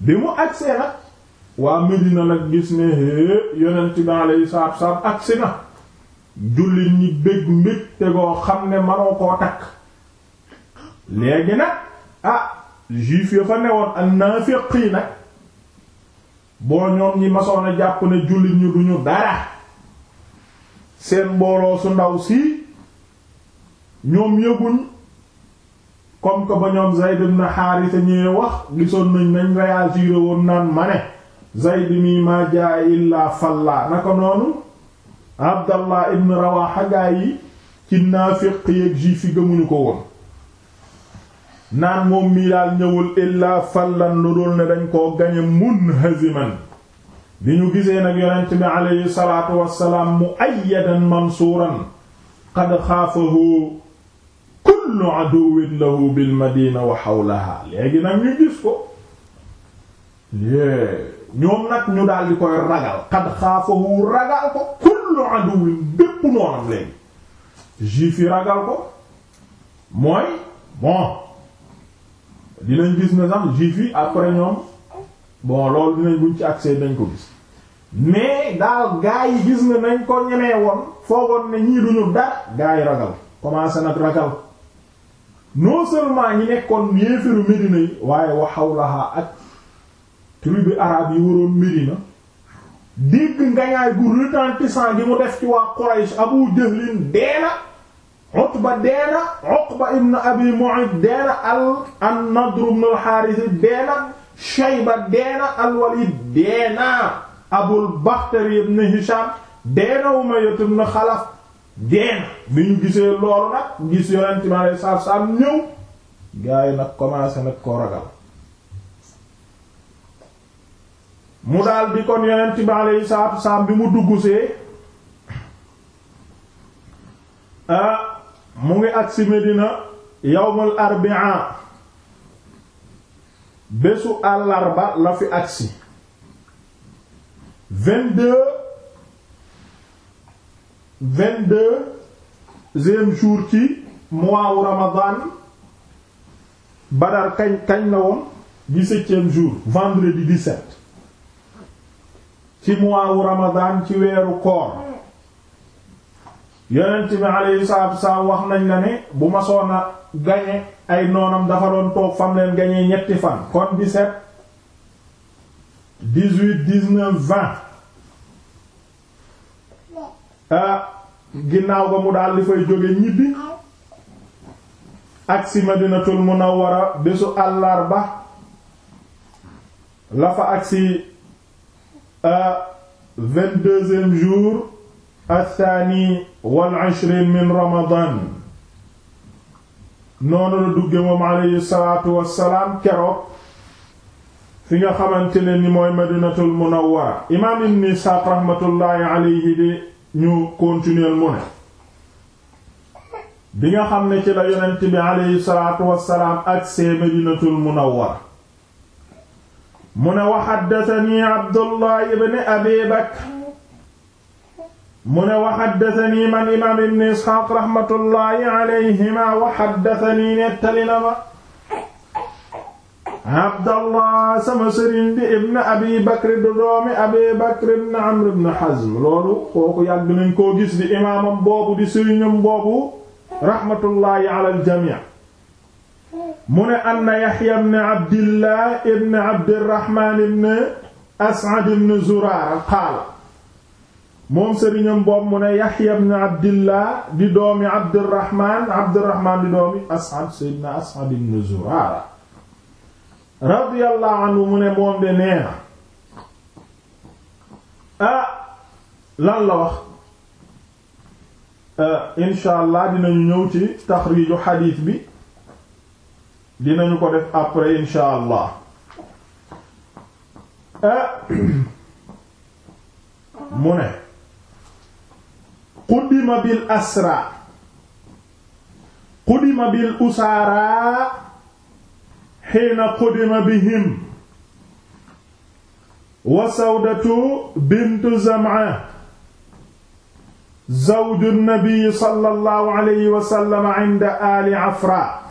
bi mu agsee nag waa Medina nag gis ne hé yonent bi alayhi salaatu salaam agsi na jullit ñi bég mbég te goo xam ne manoo koo takk léegi nag ah juif ya fa newoon ak naafiqi nag boo ñoom ñi masoon a jàpp ne jullit ñi duñu dara seen mbooloo su ndaw si ñoom yëguñ comme que ba ñoom Zayd ibn Haarisa ñëwee wax gisoon nañ nañ réagir woon naan ma ne Zayd mi ma jaay illaa falla naka noonu Abdallah ibn Rawaha gaa ci naafiq yeeg juif yi gëmuñu ko woon naan moom mii daal ñëwul illaa fallan lu dul ne dañ koo gañe munhaziman bi ñu gisee nag yonent bi aleyhi salaatu wassalaam muayyadan mansuuran qad xaafahu kullu aduwwin lahu bil madina wa hawlaha léegi nag ñu gis ko lée ñoom nag ñu daal di koy ragal xad xaafahu ragal ko kullu aduwin bépp noonam leen juif yi ragal ko mooy bon dinañ gis na sax juif yi après ñoom bon loolu dinañ buñ ci accès dañ ko gis mais daal gaa yi gis nga nañ ko ñemee woon foogoon ne ñii duñu dara gaa yi ragal commencé nag ragal non seulement ñi nekkoon yéefiru Medina yi waaye waxaw laxaa ak tribu arabe yi waroon Médina dégg ngañaay gu gi mu def ci waa Quraysh Abu Jahlin deena Utba deena Uqba ibn Abi Mu'ayt deena al an-Nadr ibn al-Harith deena Shayba deena al-Walid deena Abul Bakhtari ibn Hisham deena Umayya ibn Khalaf deena bi ñu gisee loolu nag gis Yonent mi alayhi salaatu salaam ñëw yi nag commencé nag koo ragal mu daal di kon yonent bi alayhi salaatu salaam bi mu dugg ah, mu ngi agsi Medina yawmul arbi'a bésu àllarba la fi agsi vingt-deux vingt-deuxième jour ci mois wu Badar kañ kañ la woon dix-septième jour vendredi ci mois wu ci weeru koor yonent bi alayhi salaatu wax nañ la ne bu ma soon a gañe ay noonam dafa doon toog fam leen gañee ñetti fan kon 17 ah, ginnaaw ba mu daal di fay jóge ñibbi agsi Madinatul Munawwara bésu àllarba la fa agsi a deuxième jour athani wal ishrin min ramadan noonu la dugge moom aleyhi salaatu wassalaam keroog fi nga xamante ne ni mooy madinatul munawwara imaam ibn Isaaq rahmatullaahi aleyhi di ñu continue mu ne bi nga xam ne ci la yonent bi aleyhi salaatu wassalaam ak see madinatul munawwara mu ne wa xaddasani abdullah ibn abi bakr mu ne wa xaddasani man imaam ibn isxaaq raxmatullahi alayhima wa xaddasani nettali na ma abdallah sama sëriñ bi ibn abi bakr du doomi abi bakr ibn amr ibn hazm loolu kooku yàgg nañ koo gis di imaamam boobu di sëriñam boobu raxmatullahi ala al jamii mu ne anna yaxya ibn abdillah ibn abdirahman ibn as'ad ibn zuraara qaala moom sëriñam boobu mu ne yaxya ibn abdillah di doomi abdirahman abdirahman di doomi as'ad sayyidina as'ad ibn zuraara radiyallahu anhu mu ne moom de nee na ah lan la wax incha allah dinañu ñëw ci taxriiju xadiis bi dinañu ko def après insha allah eh, [CLEARS THROAT] mu ne qudima bil asra qudima bil usaara xiina qudima bihim wa sawdatu bintu zam'a zawju nabi sallallahu alayhi wa sallam inda ali afra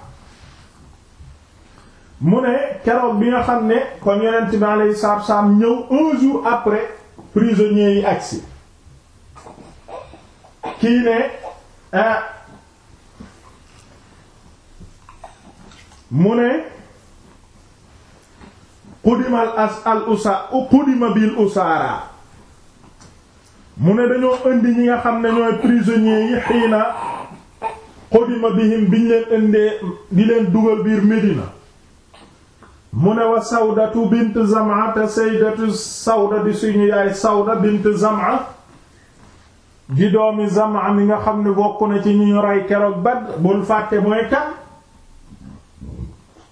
mu ne keroog bi nga xam ne kon yonent bi alayhi salaatu wassalaam ñëw un jour après prisonniers yi agsi kii ne ah, mu ne qudimal as al usa qudima bil usara mu ne dañoo indi ñi nga xam ne ñooy prisonniers yi xiina qudima bihim biñ leen indee di leen dugal biir Medina mu ne wa sawdatu bint zam'a te saydatu sawda di suñu yaay sawda bint zam'a di doomi zam'a mi nga xam ne bokk na ci ñu rey keroog Badr bul fàtte mooy kan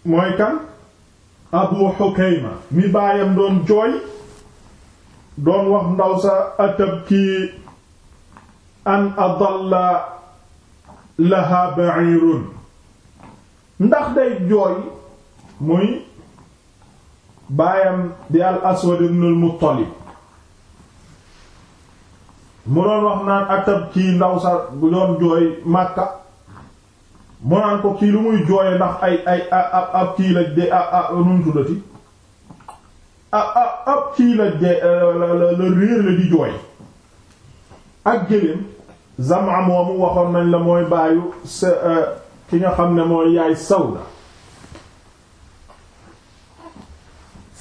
mooy kan Abu Hukayma mi baayam doon jooy doon wax ndaw sa atabki an adalla laha ba'irun ndax day jooy muy baayam di al aswad ibnul muttalib mu doon wax naan atab kii ndaw sa bu doon jooy màkka mu naan ko kii lu muy jooye ndax ay ay ab kii la de ab ab ab kii la de la réer la di jooy ak géléem Zam'a moomu waxoon nañ la mooy baayu sa euh, ki nga xam ne mooy yaay Sawda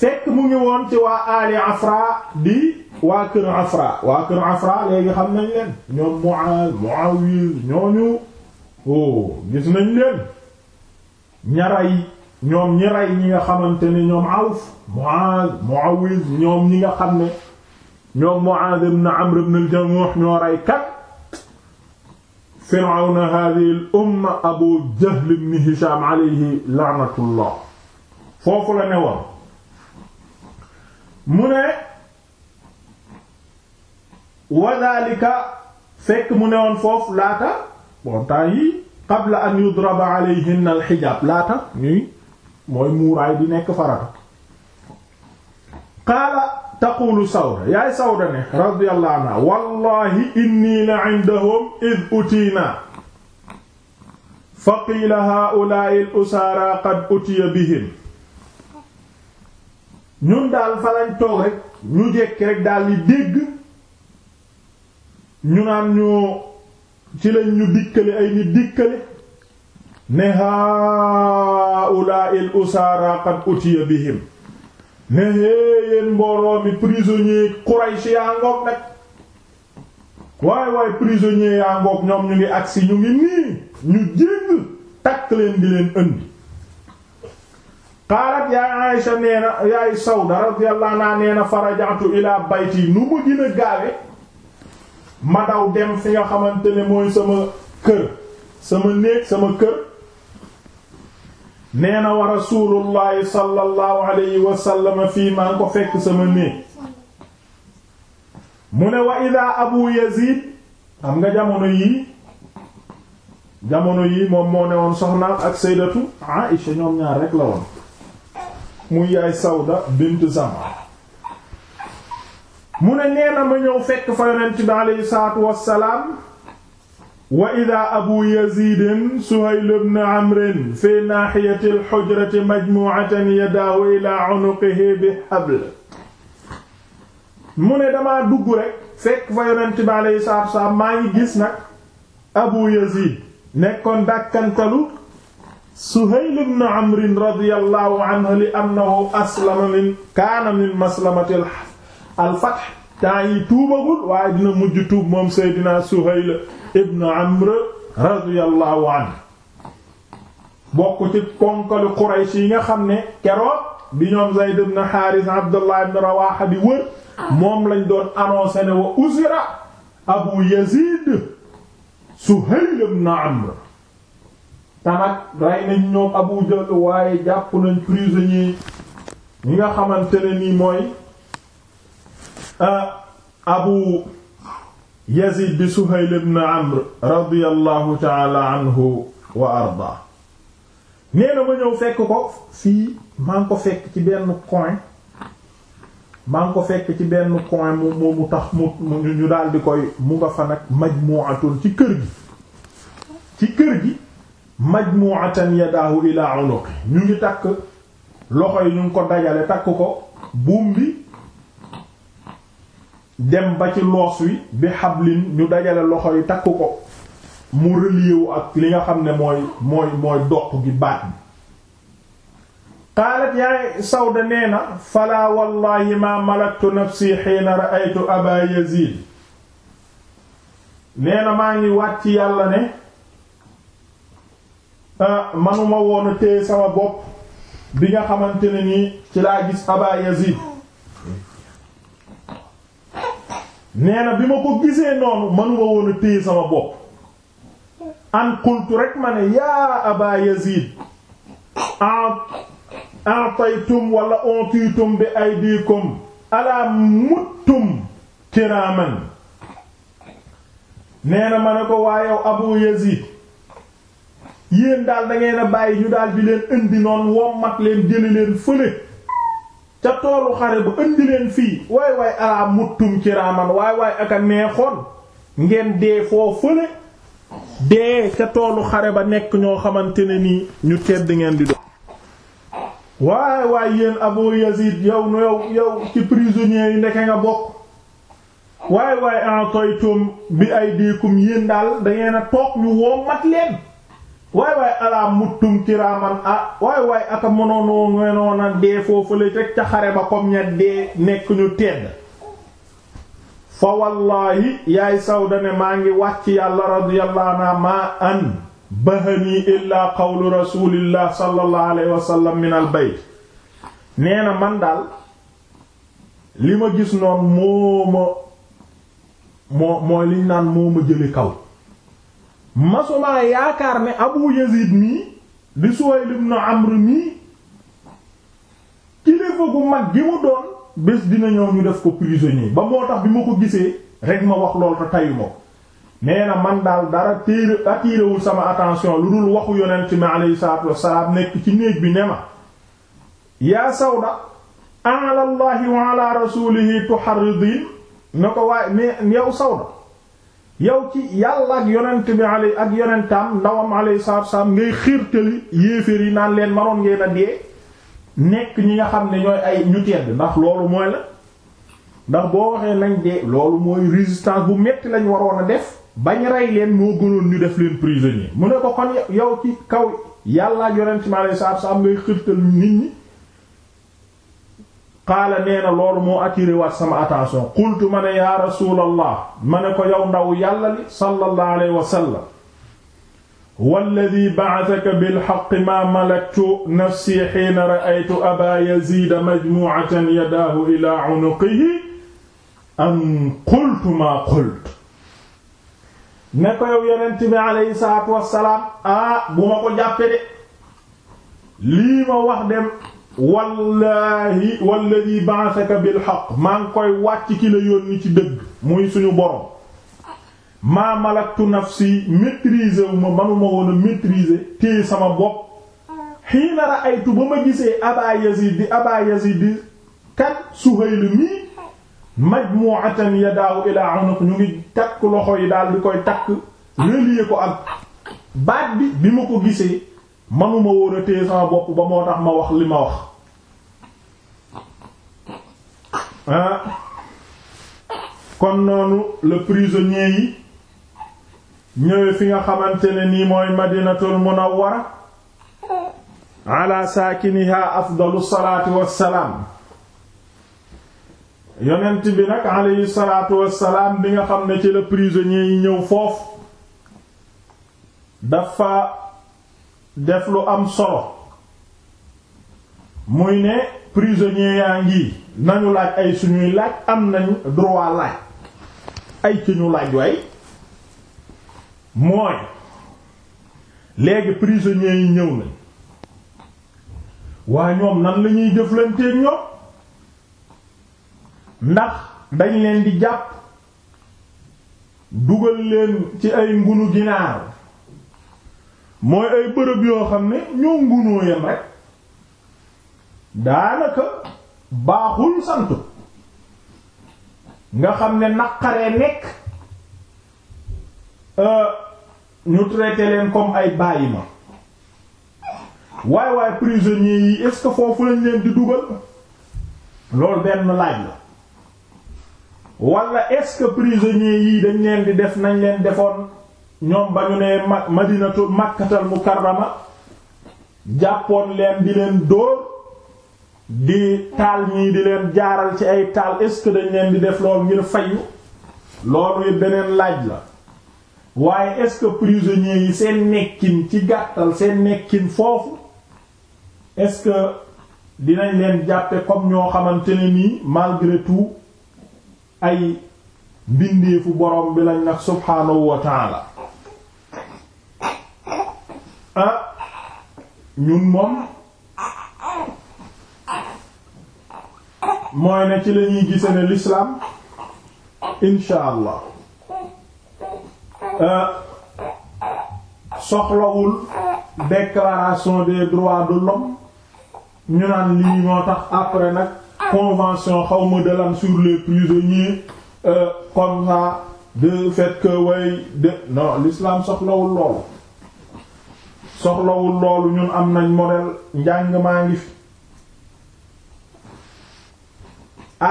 fekk mu ngi woon ci waa Ali Afra di waa kër Afra waa kër Afra léegi xam nañ leen ñoom Mu'aaz Mu'aawiz ñooñu oh gis nañ leen ñaray ñoom ñi rey ñi nga xamante ne ñoom Awf Mu'aaz Mu'aawiz ñoom ñi nga xam ne ñoom Mu'aaz ibn Amr ibn al-Jamuh ñoo rey kat Firawna haadihil umma Abu Jahl ibn Hishaam alayhi la'natullah foofu la ne woon mu ne wadaalika fekk mu ne woon foofu laata bon temps yi qabla an yudraba alayhinna alxijaab laata ñuy mooy muuraay bi nekk farata qaala taqulu sawda yaay sawda ne radiyallahu anha wallahi inni la indahum id utiina fa qiila haa'ulaa'i al-usaara qad utiya bihim ñun daal fa toog rek ñu jekki rek daal di dégg ñu naan ñu ci lañ ñu dikkale ay nit dikkale ne haa'ulaa'il usaara qad utiya bihim ne hee yéen mbooloo mi prisonnier Quraysh yaa ngoog nag waay waay prisonnier yaa ngoog ñoom ñu ngi agsi ñu ngi nii ñu jégg takk leen di leen ënd qaalat yaa Aysa nee na yaay Sawda radiyallahu anha nee na faraja'tu ila bayti nu mu gën a gaawe ma daw dem fi nga xamante ne mooy sama kër sama néeg sama kër nee na wa rasulullahi sallallahu alayhi wa sallam fii maa ngi ko fekk sama néeg mu ne wa ida abu yazid xam nga jamono yii jamono yii moom moo ne woon soxnaam ak saydatu Aysa ñoom ñaar rek la woon muy yaay Sawda bint Zama mu ne nee na ma ñëw fekk fa yonent bi aleyhi salaatu wassalaam wa ida abu yazidin fi naaxiyati alxujrati majmuatan yadaahu ila unuqihi bi habl mu ne damaa dugg rek fekk fa yonent bi aleyhi salaatu wassalaam maa ngi gis nag abu yazid nekkoon dàkkantalu Suhayl ibn Amr radiyallahu anhu li annahu aslama min kaana min maslamati al-fath temps yi tuubagul waaye dina mujj tuub moom Seydina Suhayl ibn Amr radiyallahu anhu bokk ci konkali Quraysh yi nga xam ni keroog bi ñoom Zayd ibn Haaris Abdullah ibn Rawaaha di wër moom lañ doon annoncé wa uzira Abu Yazid Suhayl ibn Amr tanak rey nañ ñoom Abu Jahl waaye jàpp nañ prisonnier ñi nga xamante ne nii mooy Abu Yazid bi Suhayl ibn Amr radiyallahu ta'ala anhu wa arda nee na ma ñëw fekk ko fii maa ngi ko fekk ci benn coin maa ngi ko fekk ci benn coin mu mu mu tax mu ñu daal di koy mu nga fa nag majmu'atul ci kër gi ci kër gi majmu'atan yadaahu ila unuqi ñu ngi takk loxo yi ñu ngi ko dajale takk ko buum bi dem ba ci loos wi bi xablin ñu dajale loxo yi takk ko mu relier wu ak li nga xam ne mooy mooy mooy doq gi baat bi qaalat yaay sawda nee na fala wallahi ma malaktu nafsi xiina ra'aytu aba yazid nee na maa ngi wàcc yàlla ne manuma woon a téye sama bopp bi nga xamante ne nii ci laa gis Aba Yazid nee na bi ma ko gisee noonu manuma woon a téye sama bopp an qultu rek ma ne yaa Aba Yazid en entaytum wala ontiitum bi aydikum ala muttum kiraaman nee na ma ne ko waayow Abu Yazid yéen daal da ngeen a bàyyi ñu daal di leen indi noonu wommat leen jëli leen fële ca toolu xare ba indi leen fii waay waay alaa muttum ci raaman waay waay ak neexoon ngeen dee foo fële dee ca toolu xare ba nekk ñoo xamante ne nii ñu tedd ngeen di do waay waay yéen Abu Yazid yow nu yow yow ci prisonniers yi ndeke nga bokk waay waay en toytum bi ay diikum yéen daal dangeen ngeen a toog ñu wommat leen waay waay alaa muttum kiraaman ah waay waay aka mënoonoo ngenoona dee foofale rek ca xare ba comme ña dee nekk tedd fa wallaahi yaay sawda ne maa ngi wàcc yàlla radiyallahu anha maa an bahani illaa qawlu rasulillah sallallahu alayhi wa sallam min nee na man daal li ma gis noon moo ma moo mooy liñ naan moo ma jëli kaw masumaa yaakaar ne Abu Yazid mii di Suhayl ibn Amr mii kilifa gu mag gi mu doon bés dina ñëw ñu def ko prisonnier ba moo tax bi ma ko gisee rek ma wax lool te tayu ma man daal dara téere attirewul sama attention lu dul waxu yonent mi alayhi salaatu nekk ci néeg bi ne ma yaa Sawda ala Allahi wa ala rasulihi tuharridin na ko waaye mais Sawda yow ci yàlla ak yonent bi alay ak yonentam ndawam alayhi salaatu wassalaam ngay xiirtali yéeféer yi naan leen manoon ngeen a dee nekk ñi nga xam ne ñooy ay ñu tedd ndax loolu mooy la ndax boo waxee nañ dee loolu mooy résistance bu metti lañ waroon a def bañ rey leen moo gënoon ñu def leen prisonnier mu ne ko kon yow ci kaw yàlla ak yonent bi alayhi salaatu wassalaam ngay xiirtal nit ñi qaala nee na loolu moo attiré waat sama attention qultu ma ne yaa rasuulallah ma ne ko yow ndaw yàlla li sallallahu alayhi wa sallam walladi ba'athaka bilhaqqi maa malaktu nafsi hiina ra'aytu abaa yaziida majmuu'atan yadaahu ilaa 'unuqihi an qultu maa qultu ne ko yow yonent bi alayhi salaatu wassalaam ah bu ma ko jàppe de lii ma wax dem wallaahi walladi ba'athaka bil haqq maa ngi koy wàcc ki la yónni ci dëgg muy suñu borom maa malaktu nafsi maîtriser wu ma manuma woon a maîtriser téye sama bopp xiina ra'aytu ba ma gisee Aba Yazid di Aba Yazid di kat Suhayl mi majmu'atan yadaahu ila unuq ñu ngi takk loxo yi daal di koy takk relier ko ak baat bi bi ma ko gisee manuma woon a téye bopp ba moo tax ma wax li ma wax kon noonu le prisonnier yi ñëwee fi nga xamante ne nii mooy madinatul munawwara ala saakiniha afdalu salaatu wassalaam yonent bi nag alayhi salaatu wassalaam bi nga xam ne ci la prisonnier yi ñëw foofu dafa def lu am solo muy ne prisonnier yaa ngi nañu laaj ay suñuy laaj am nañu droit laaj ay ci laaj way mooy léegi prisonniers yi ñëw nañ waaye ñoom nan lañuy ñuy jëflanteeg ndax dañ leen di jàpp dugal leen ci ay ngunu ginaar mooy ay bërëb yoo xam ne ñoo ngunoo yem rek daanaka baaxul sant nga xam ne naqaree nekk euh, ñu traité leen comme ay bàyyi ma waay waay prisonniers yi est foofu lañ leen di dugal loolu benn laaj la walla est-ce que prisonniers yi dañ leen di def nañ leen defoon ñoom ba ñu nee ma madinatu makkatal mukarrama jàppoon leen di leen dóor di taal ñii di leen jaaral ci ay taal est dañ leen di def loolu ngir fayu loolu beneen laaj la waaye est-ce que prisonniers yi seen nekkin ci gàttal seen nekkin foofu est-ce que dinañ leen jàppe comme ñoo xamante ne nii malgré tout ay mbindeefu borom bi lañ nag subhaanahu ah ñun moom mooy ne ci lañuy gise ne l'islam insha allah ah, soxlawul déclaration des droits de l'homme ñu naan lii moo tax après nag convention xawma dalan sur les prisonniers euh, comme ça de fait que way de non l'islam soxlawul loolu soxlawul loolu ñun am nañ modèle njàng maa ngi fi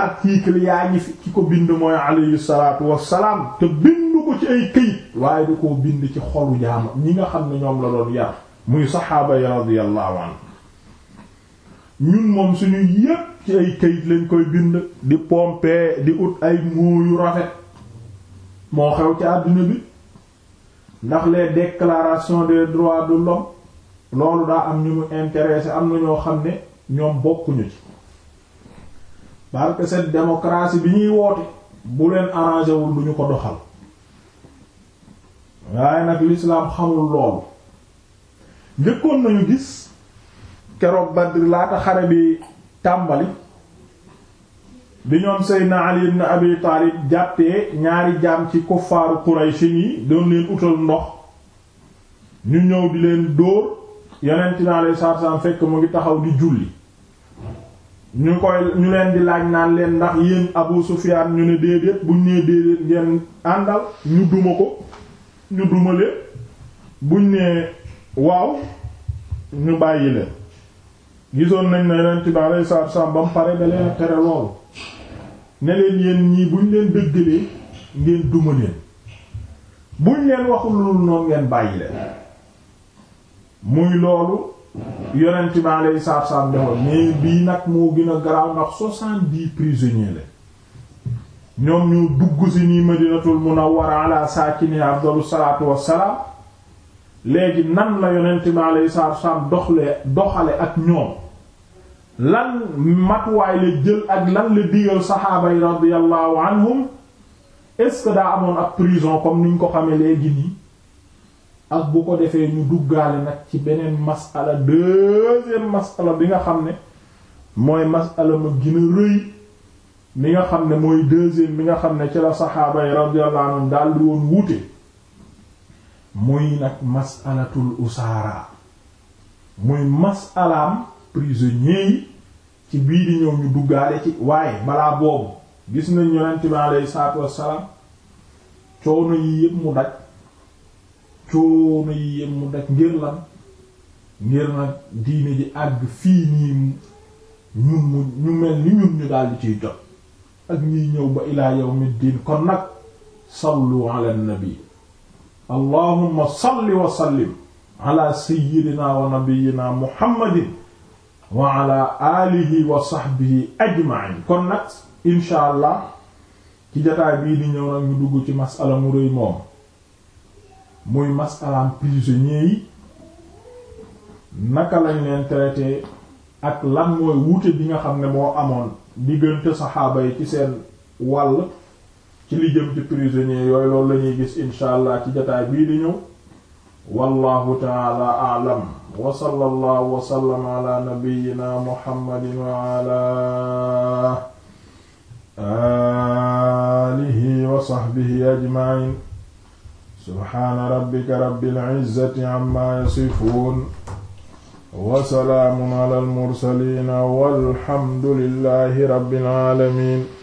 article yaa ngi fi ki ko bind mooy alayhi salaatu wassalaam te bind ko ci ay këyit waaye du koo bind ci xolu jaama ñi nga xam ne ñoom la doon yar muy saxaaba ya radiyallahu anhu ñun moom suñu yépp ci ay këyit lañ koy bind di pomper di ut ay mooyu rafet moo xew ci àdduna bi ndax les declaration des droit de l'homme loolu daa am ñu mu intéressé am na ñoo xam ne ñoom bokkuñu ci parce que cette démocratie bi ñuy woote bu leen arrangé wul du ñu ko doxal waaye nag l'islam xamul loolu njëkkoon nañu gis keroog Badr laata xare bi tàmbali bi ñoom Seydina Ali na Abi Taalib jàppee ñaari jaam ci kuffaaru Quraysh yi doon leen utal ndox ñu ñëw di leen dóor yonent bi alayhi fekk mu ngi taxaw di julli ñu koy ñu leen di laaj naan leen ndax yéen Abu Sufyaan ñu ne déedéet buñ nee déedéet ngeen àndal ñu duma ko ñu duma leen buñ nee waaw ñu bàyyi leen gisoon nañ ne yonent bi alayhi salaatu salaam ba mu pare leen tere loolu ne leen yéen ñii buñ leen dëggalee ngeen duma bu buñ leen waxul lu noonu ngeen bàyyi leen muy loolu yonent bi alayhi salaatu bii nag moo gën a garaaw ndax soixante-dix prisonniers la ñoom ñu dugg ci nii Madinatul Munawwara ala saakini afdalu salaatu wassalaam léegi nan la yonent bi alayhi salaatu doxle doxale ak ñoom lan matuwaay la jël ak lan la digal saxaaba yi radiyallahu anhum est daa amoon ab prison comme niñ ko xamee léegi nii ak bu ko defee ñu duggaale nag ci beneen masala deuxième masala bi nga xam ne mooy masala ma gën a rëy mi nga xam ne mooy deuxième bi nga xam ne ci la saxaaba yi radiyallahu anhum daal di woon wuute muy nag masalatul usaara muy masalaam prisonniers yi ci bii di ñëw ñu duggaale ci waaye balaa boobu gis nañ yonent bi alayhi salaatu wassalaam coono yi yëpp mu daj coono yi yëpp mu daj ngir lan ngir nag diine ji àgg fii nii ñun mu ñu mel ni ñun ñu daldi ciy jot ak ñuy ñëw ba ilaa yawmiddin kon nag sallu ala nabi allahumma salli wa sallim ala sayyidina wa nabiyyina muhammadin wa ala alihi wa sahbihi ajma'in kon nag incha allah ci jotaay bii di ñëw nag ñu dugg ci masala mu rëy moom muy masalaam prisonniers yi naka lañ leen traité ak lan mooy wuute bi nga xam ne moo amoon diggante saxaaba yi ci seen wàll ci li jëm ci prisonniers yooyu loolu la ñuy gis incha allah ci jotaay bii di ñëw wallahu taala alam wa sallallahu wa sallam ala nabiyyina muhammadin wa ala alihi wa sahbihi ajma'in subhaana rabbika rabbil izzati amma yasifun wa salaamun ala al mursaliin walhamdulillahi rabbil aalamiin